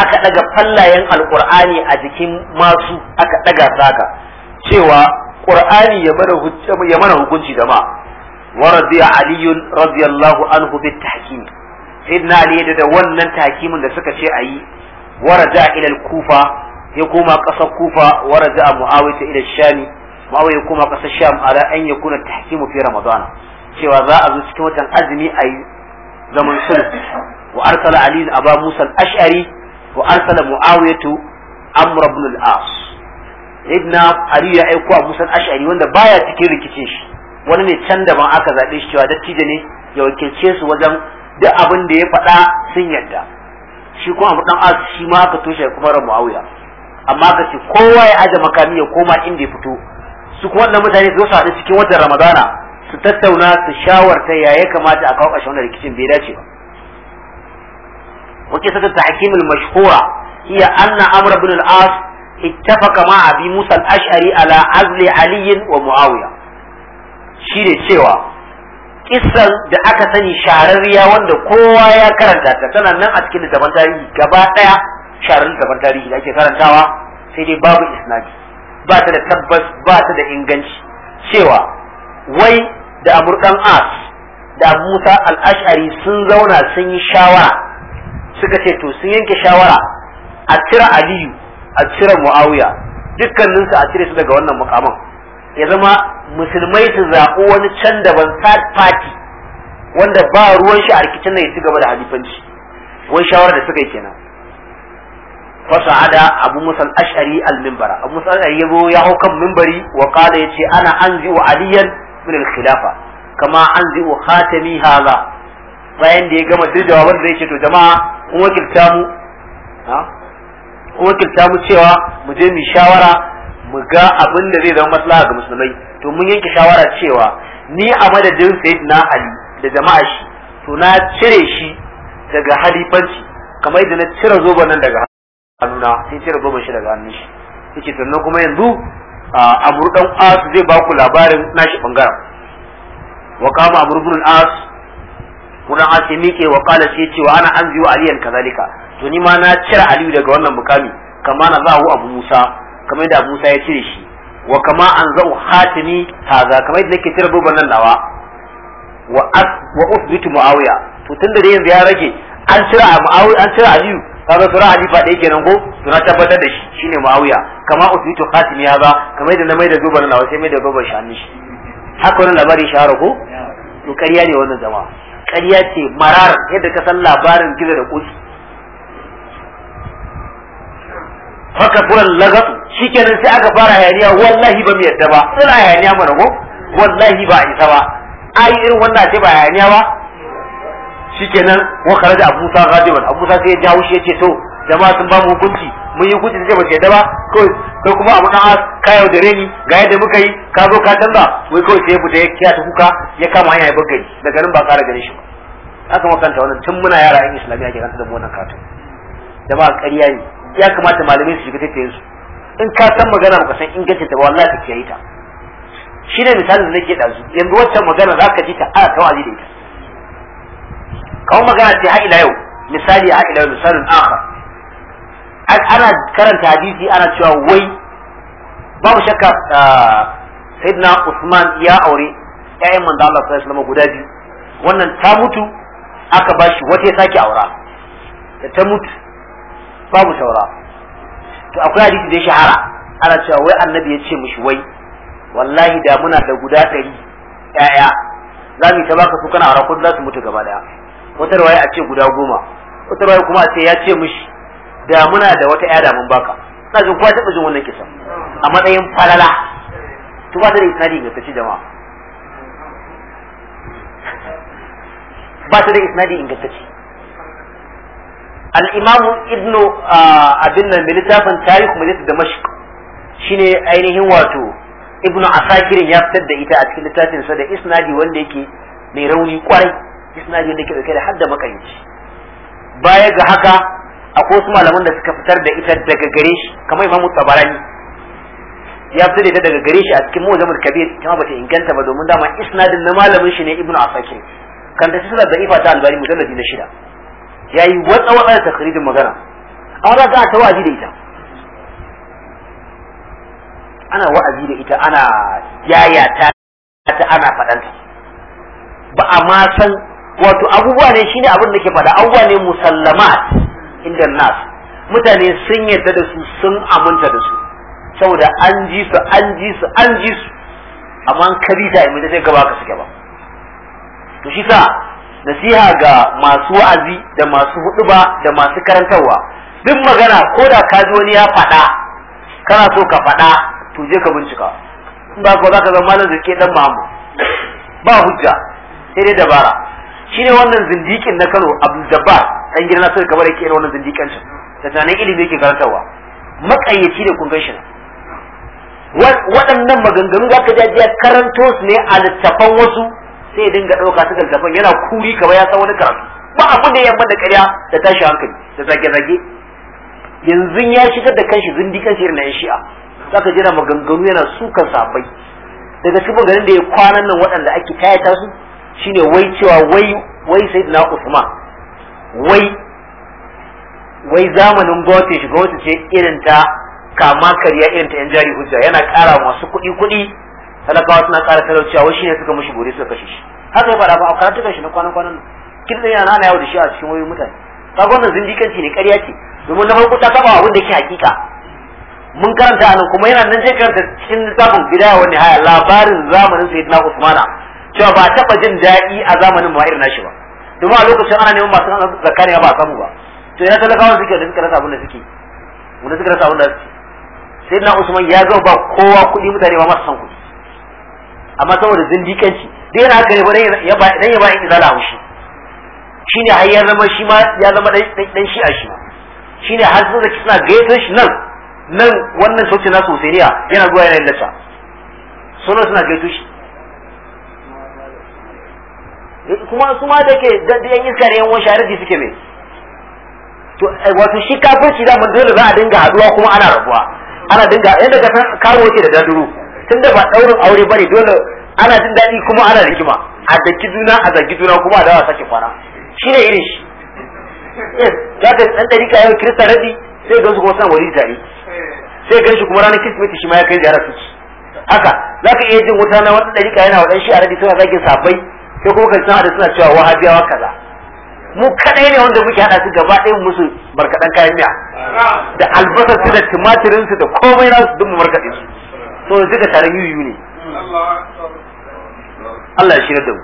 aka daga fallayen alqur'ani a jikin masu aka daga saka cewa qur'ani ya mana hukunci ya mana hukunci jama'a wa radiya aliyun radiyallahu anhu bit tahkim sayyidina ali da wannan tahkimin da suka ce ayi waraja ila al-kufa ya koma ƙasar kufa waraja muawiya ila shami ma'auye kuma kasar sham ala an ya kuna tahkimu fi ramadan cewa za a zo cikin watan azumi a yi zaman sulh wa arsala ali aba musa al-ash'ari wa arsala muawiyatu amr ibn al-as ibn ali ya aiko a musa al-ash'ari wanda baya cikin rikicin shi wani ne can da ban aka zaɓe shi cewa dattijo ne ya wakilce su wajen duk abin da ya faɗa sun yadda shi kuma abu dan as shi ma aka toshe kuma ran amma ka ce kowa ya aje makami ya koma inda ya fito su kuma wannan mutane su haɗu cikin watan ramadana su tattauna su shawarta ya ya kamata a kawo ƙarshen wannan rikicin bai dace ba wace sata tahkimul mashhura hiya anna amr ibn al-as ittafaqa ma abi musa al-ash'ari ala azli ali wa muawiya shine cewa kissan da aka sani shahararriya wanda kowa ya karanta ta tana nan a cikin littafin tarihi gaba daya sharar littafin tarihi da ake karantawa sai dai babu isnadi ba ta da tabbas ba ta da inganci cewa wai da amurkan as da musa al'ashari sun zauna sun yi shawara suka ce to sun yanke shawara a cire aliyu a cire muawiya dukkaninsu a cire su daga wannan mukamin ya zama musulmai su zaɓi wani can daban third party wanda ba ruwan shi a rikicin nan ya ci gaba da halifanci wani shawara da suka yi kenan فصعد أبو موسى الأشعري المنبر أبو موسى الأشعري يبو يهو كم منبري وقال يتي أنا أنزئ عليا من الخلافة كما أنزئ خاتمي هذا bayan da ya gama duk jawaban da yake to jama'a kun wakilta mu kun wakilta mu cewa mu je mu shawara mu ga abin da zai zama maslaha ga musulmai to mun yanke shawara cewa ni a madadin sayyidina ali da jama'a shi to na cire shi daga halifanci kamar yadda na cire zoban nan daga hannuna sai cire goma shi daga hannun shi yake sannan kuma yanzu amru dan as zai ba ku labarin nashi bangaren wa kama amru bin as kuna as ya mike wa kala sai ce wa ana an wa aliyan kazalika to ni ma na cire aliyu daga wannan mukami kama na zahu abu musa kamar yadda abu musa ya cire shi wa kama an zau hatimi haza kamar yadda nake cire babban nan dawa, wa as wa usbitu muawiya to tunda da yanzu ya rage an cire muawiya an cire aliyu kaga sura halifa ɗaya kenan ko suna tabbatar da shi shine muawiya kama usmitu qasim ya ba kama idan na mai da zubar na sai mai da zuban shi hannun shi haka wannan labari shahara ko to ƙarya ne wannan zama. ƙarya ce marar yadda ka san labarin gizo da kuci haka furan lagatu kenan sai aka fara hayaniya wallahi ba mu yadda ba suna hayaniya mana ko wallahi ba a isa ba ai irin wannan ce ba hayaniya ba shikenan wa kharaja Abu Musa ghadiban Abu Musa sai ya ji haushi yace to jama'a sun ba mu hukunci mun yi hukunci sai ba ce da ba kai kai kuma Abu Dawud ka da ni ga yadda muka yi ka zo ka danza wai kai sai ya ya kiyata ta kuka ya kama hanya ya bugge daga nan ba kare ganin shi ba mun kanta wannan tun muna yara yan islamiyya ke kanta da wannan katon jama'a ƙarya ne ya kamata malamai su shiga tafiyin su in ka san magana ka san ingancin ta ba wallahi ka kiyaye ta shine misalin da nake dazu yanzu waccan magana zaka ji ta a tawazi da ita kawo magana ce ha ila yau misali ha ila yau misalin akhar ana karanta hadisi ana cewa wai babu shakka ah, sayyidina Usman ya aure ƴaƴan manzo Allah sallallahu alaihi guda biyu wannan ta mutu aka bashi wata ya sake aura da ta mutu babu saura to akwai hadisi da ya shahara ana cewa wai annabi ya ce mushi wai wallahi da muna da guda ɗari ƴaƴa za mu ta baka su kana aure ko za su mutu gaba daya wata rawaya a ce guda goma wata rawaya kuma a ce ya ce mishi da muna da wata yada da mun baka ina jin kuwa taɓa jin wannan kisa a matsayin falala to ba da isnadi ga tace jama'a ba ta da isnadi ingantacce al imam ibnu abin nan littafin tarikh majalis damashq shine ainihin wato ibnu asakirin ya fitar da ita a cikin littafin sa da isnadi wanda yake mai rauni kwarai isnadi da ke dauke da hadda makayyaci baya ga haka akwai wasu malaman da suka fitar da ita daga gare shi kamar imamu tabarani ya fitar da ita daga gare shi a cikin muzamul kabir kuma bata inganta ba domin dama isnadin na malamin shi ne ibnu asakir kan ta sura da ifa ta albani mujalladi na shida yayi watsa watsa da takhrijin magana amma za ka ta wa'azi da ita ana wa'azi da ita ana yayata ta ana fadanta ba a ma san wato abubuwa ne shine abin da ke faɗa abubuwa ne musallamat inda nas mutane sun yarda da su sun aminta da su saboda an ji su an ji su an ji su amma an kabi ta gaba ka suke ba to shi sa nasiha ga masu wa'azi da masu ba da masu karantarwa duk magana ko da ka ji wani ya faɗa kana so ka faɗa to je ka bincika in ba ko za ka zama malam da dan mamu ba hujja sai dai dabara shine wannan zindikin na Kano Abdul Jabbar dan gidan Nasir kamar yake irin wannan zindikancin da tunanin ilimi yake karantarwa makayyaci ne kun gashi waɗannan maganganu za ka ji ya karanto su ne a littafan wasu sai dinga ɗauka su littafan yana kuri ka ya san wani karatu ba abu da yamma da ƙarya da tashi hankali da zage-zage yanzu ya shigar da kanshi zindikanci irin na shi'a za ka ji yana maganganu yana sukan sabai daga cikin garin da ya kwanan nan waɗanda ake tayata su shine wai cewa wai wai sayyidina Usman wai wai zamanin gwamnati shi gwamnati ce irin ta kama kariya irin ta yan jari hujja yana ƙara masu kuɗi kuɗi talakawa suna ƙara talauciya wai shine suka mushi gori suka kashe shi haka ya faɗa ba a karatukan shi na kwanan kwanan kin da yana ana yawo da shi a cikin wayoyin mutane kaga wannan zindikanci ne ƙarya ce domin na farko ta saba abin da ke hakika mun karanta anan kuma yana nan je karanta cikin littafin bidaya wani haya labarin zamanin sayyidina Usmana cewa ba taɓa jin daɗi a zamanin a irin nashi ba domin a lokacin ana neman masu zakari ba a samu ba to ina talakawa suke da suka rasa abin da suke wanda suka rasa abin da suke sai na usman ya zo ba kowa kuɗi mutane ba masu san kuɗi amma saboda zindikanci dai yana haka ne ba dan ya ba in izala haushi shine har ya zama shi ma ya zama dan shi a shi ma shine har sun zaki suna gaisan shi nan nan wannan sautin na sosai yana zuwa yana lallasa sunan suna gaito shi kuma su ma da ke daddiyan iska da yan shari'a sharidi suke mai to eh, wato shi kafirci da mun dole za a dinga haduwa kuma ana rabuwa ana dinga yanda ka san kawo yake da daduru tunda ba daurin aure bane dole ana jin daɗi kuma ana rigima a daki juna a zagi juna kuma a wasa sake kwana shine irin shi ya eh, ka dan dariƙa yau kirista rabi sai ga su kuma san wani tare sai ga shi kuma ranar kirsimeti shi ma ya kai ziyara su haka za ka iya jin wuta na wani dariƙa yana a ɗan shi a rabi suna zagin sabai sai kuma kan san suna cewa wahabiyawa kaza mu kadai ne wanda muke hada su gaba ɗaya musu barkadan kayan miya da albasar su da timatirin su da komai na su duk mu barkade su so duka tare yuyu ne Allah ya shirya da mu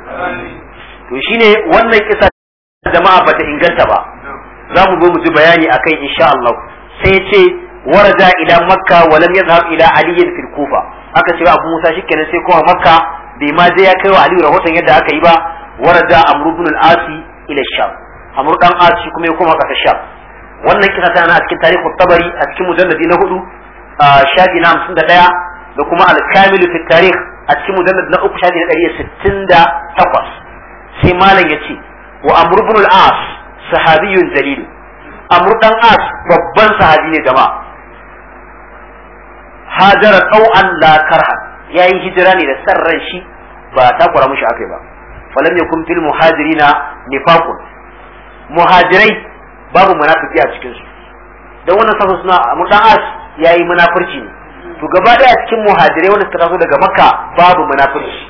to shine wannan kisa jama'a bata inganta ba za mu zo mu ji bayani akai insha Allah sai ce waraja ila makka walam yazhab ila aliyin fil kufa aka ce abu musa shikenan sai kuma makka bai ma je ya kai wa aliyu rahoton yadda aka yi ba waraja amru ibn al-asi ila sham amru dan asi kuma ya koma kasar sham wannan kisa tana na cikin tarihi tabari a cikin mujalladi na hudu shafi na hamsin da daya da kuma al-kamilu fi tarikh a cikin mujallad na uku shafi na ɗari sittin da takwas sai malam ya ce wa amru ibn al-as sahabiyun jalil amru dan as babban sahabi ne jama'a hajara tsawan la karha yayin hijira ne da san ran shi ba ta kura mushi akai ba falam yakun fil muhajirina nifaqun muhajirai babu munafiki a cikin su wannan safa suna amur dan as yayi munafurci ne to gaba daya cikin muhajirai wanda suka daga makka babu munafurci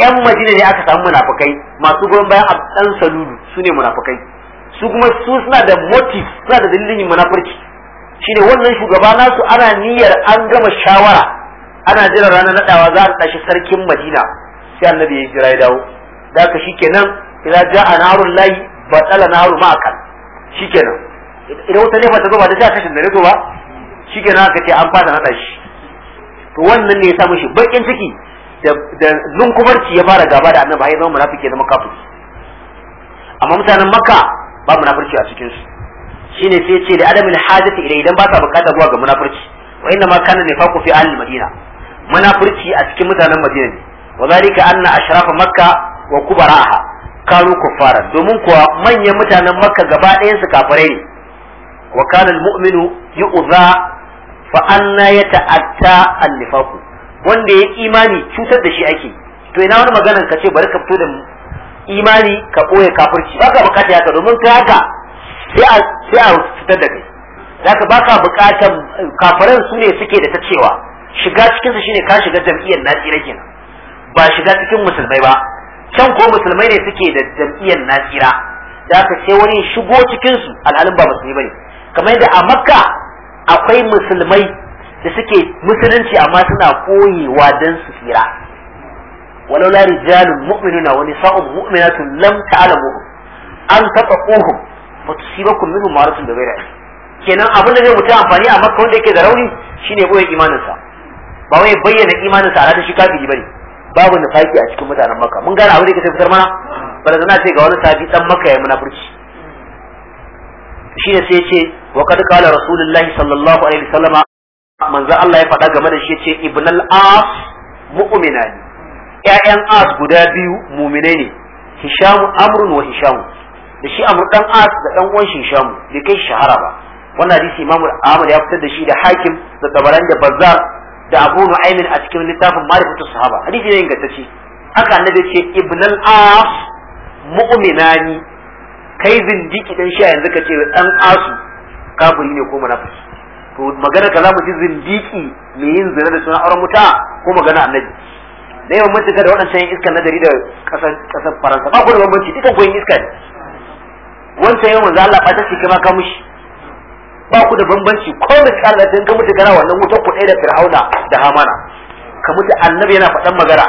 yan madina ne aka samu munafukai masu goyon bayan abdan salulu su ne munafukai su kuma su suna da motive suna da dalilin munafurci shine wannan shugaba nasu ana niyyar an gama shawara ana jira ranar nadawa za a tashi sarkin madina sai annabi ya jira ya dawo da haka shikenan idan ja'a narul lahi batala naru ma'akal shikenan idan wuta ne ba ta zo ba ta sha kashin da rigo ba shikenan aka ce an fata nada shi to wannan ne ya sa mishi bakin ciki da lunkubarci ya fara gaba da annabi ya zama munafiki ya zama kafiri amma mutanen makka ba munafurci a cikin su shine sai ce da adamin hajati ilai idan ba sa bukata zuwa ga munafurci wa inna ma kana nifaqu fi ahli madina munafurci a cikin mutanen madina ne wa zalika anna ashrafa makka wa kubaraha kanu kuffara domin kuwa manyan mutanen makka gaba ɗayan su kafirai ne wa kana almu'minu yu'za fa anna yata'atta an wanda ya imani cutar da shi ake to ina wani maganar ka ce bari ka fito da imani ka ɓoye kafirci ba ka bukata haka domin ka haka sai a fitar da kai zaka baka bukatan kafiran su ne suke da ta cewa shiga cikin su shine ka shiga jam'iyyar nasira kenan ba shiga cikin musulmai ba can ko musulmai ne suke da jam'iyyar nasira da aka sai wani shigo cikin su alhalin ba musulmi bane kamar yadda a makka akwai musulmai da suke musulunci amma suna koyewa dan su tsira walau la rijalun mu'minuna wa nisa'un mu'minatun lam ta'lamu an taqaquhum fa tusibakum minhum ma'aratun bi kenan abin da zai mutu amfani a makka wanda yake da rauni shine boye sa ba wai bayyana imanin sa alata shi kafiri bane babu nufaki a cikin mutanen makka mun gane abin da yake fitar mana barazana ce ga wani sabi dan makka ya munafurci shi ne sai ya ce wa kad qala rasulullahi sallallahu alaihi wasallama manzo Allah ya faɗa game da shi ce ibnal as mu'mina ne ƴaƴan as guda biyu mu'minai ne hisham amrun wa hisham da shi amr dan as da dan uwan hisham bai kai shahara ba wannan hadisi imamu Ahmad ya fitar da shi da Hakim da da Bazzar da Abu Nu'aym a cikin littafin Ma'rifatu Sahaba hadisi ne ingantacce haka annabi ce Ibn al-As mu'minani kai zindiki dan shi yanzu ka ce dan asu kafiri ne ko munafiki to magana ka za mu ji zindiki me yin zina da sunan auren muta ko magana annabi da yawan mutuka da waɗancan iskan nadari da ƙasar faransa ba ku da bambanci duka koyin iska ne wancan yawan manzo Allah ba ta ce kama kamushi. ba ku da bambanci ko da da ka mutu gara wannan wutar ku da fir'auna da hamana ka mutu annabi yana faɗan magana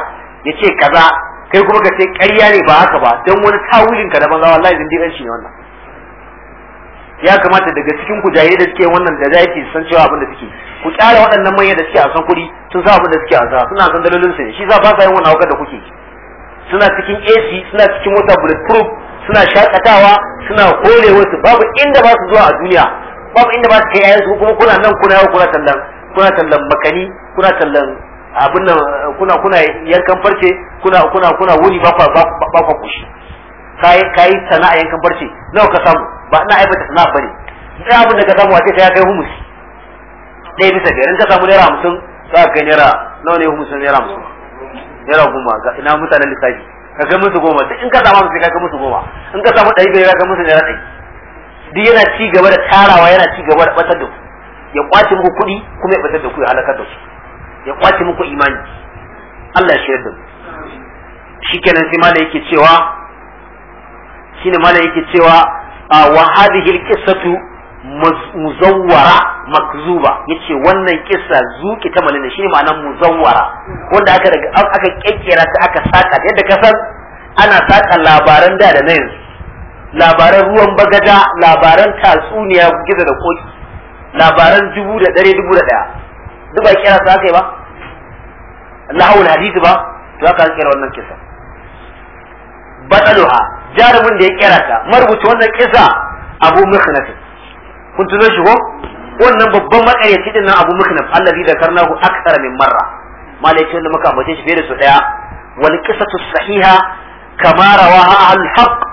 ya ce kaza kai kuma ka ce ƙarya ne ba haka ba don wani tawulin ka da banza wallahi zindi shi ne wannan ya kamata daga cikin ku jaye da suke wannan da zai san cewa abin da suke ku tsara waɗannan manya da suke a san kuɗi sun sa abin da suke a sa suna san dalolin su shi za ba sa yin wannan hawkar da kuke suna cikin AC suna cikin mota bulletproof suna shakatawa suna horewa su babu inda ba su zuwa a duniya babu inda ba su kai yayin su kuma kuna nan kuna yau kuna tallan kuna tallan makani kuna tallan abin nan kuna kuna yankan farce kuna kuna kuna wuri ba ku ba ku kushi kai kai sana'a yankan farce nawa ka samu ba ina aibata sana'a bane sai abin da ka samu wace ya kai humus dai bisa ga in ka samu naira 50 za ka kai naira nawa ne humus naira 50 naira goma ga ina mutanen lissafi ka kai musu goma in ka samu sai ka kai musu goma in ka samu ɗari biyar ka kai musu naira ɗari duk yana ci gaba da tarawa yana ci gaba da batar da ku ya kwace muku kuɗi kuma ya batar da ku ya halakar da ku ya kwace muku imani Allah ya shirya da shikenan sai malai yake cewa shine malai yake cewa wa hadhihi alqissatu muzawwara makzuba yace wannan kissa zuki ta malina shine ma'anar muzawwara wanda aka aka kekkera ta aka saka yadda ka san ana saka labaran da da na yanzu labaran ruwan bagada labaran tatsuniya gida da koki labaran dubu da dare dubu da daya duk ba kira sa kai ba lahawul hadith ba to aka kira wannan kisa bataluha jarumin da ya kira ta marubuta wannan kisa abu mikhnaf kun tuno shi ko wannan babban makaryaci din nan abu mikhnaf allazi zakarnahu akthara min marra malaikin da muka ambace shi bai da su daya wal qisatu sahiha kama rawaha al haqq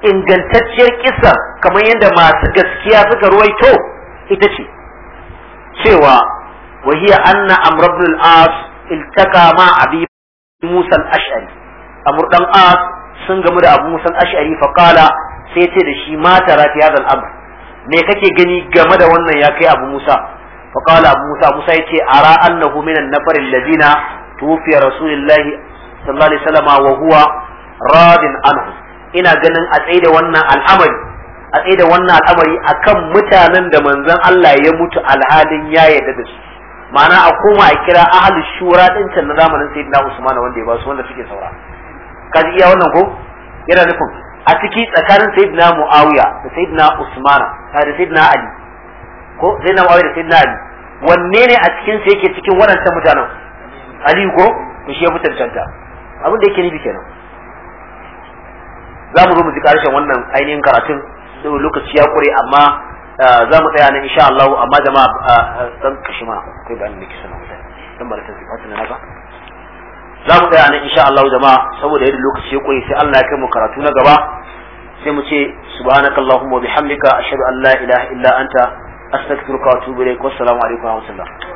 ingantacciyar kisa kamar yadda masu gaskiya suka ruwaito ita ce cewa wahiya anna amr ibn al-as iltaka ma abi musa al-ash'ari amr dan as sun gamu da abu musa al-ash'ari fa qala sai ce da shi ma tara fi hadal amr me kake gani game da wannan ya kai abu musa fa qala abu musa musa yace ara annahu min an-nafar alladhina tufiya rasulullahi sallallahu alaihi wasallam wa huwa radin anhu ina ganin a tsaye da wannan al'amari a tsaye da wannan al'amari akan mutanen da manzon Allah ya mutu alhalin ya yarda da su ma'ana a koma a kira ahlus shura din can na zamanin sayyidina Usman wanda ya ba su wanda suke saura kaji iya wannan ko yana nufin a ciki tsakanin sayyidina Muawiya da sayyidina Usman da sayyidina Ali ko sayyidina Muawiya da sayyidina Ali wanne ne a cikin su yake cikin waɗannan mutanen Ali ko to shi ya mutuntanta abin da yake nufi kenan za mu zo mu ji karshen wannan ainihin karatun lokaci ya kure amma eh, za mu tsaya nan insha Allah amma jama'a dan eh, eh, kashi ma kai bayani da kisa na dan ba ta zifatu na ba za mu tsaya nan insha Allah jama'a saboda yadda lokaci ya kure sai Allah ya kai mu karatu na gaba sai mu ce subhanakallahumma wa bihamdika ashhadu an la ilaha illa anta astaghfiruka wa atubu wa wassalamu alaikum wa rahmatullah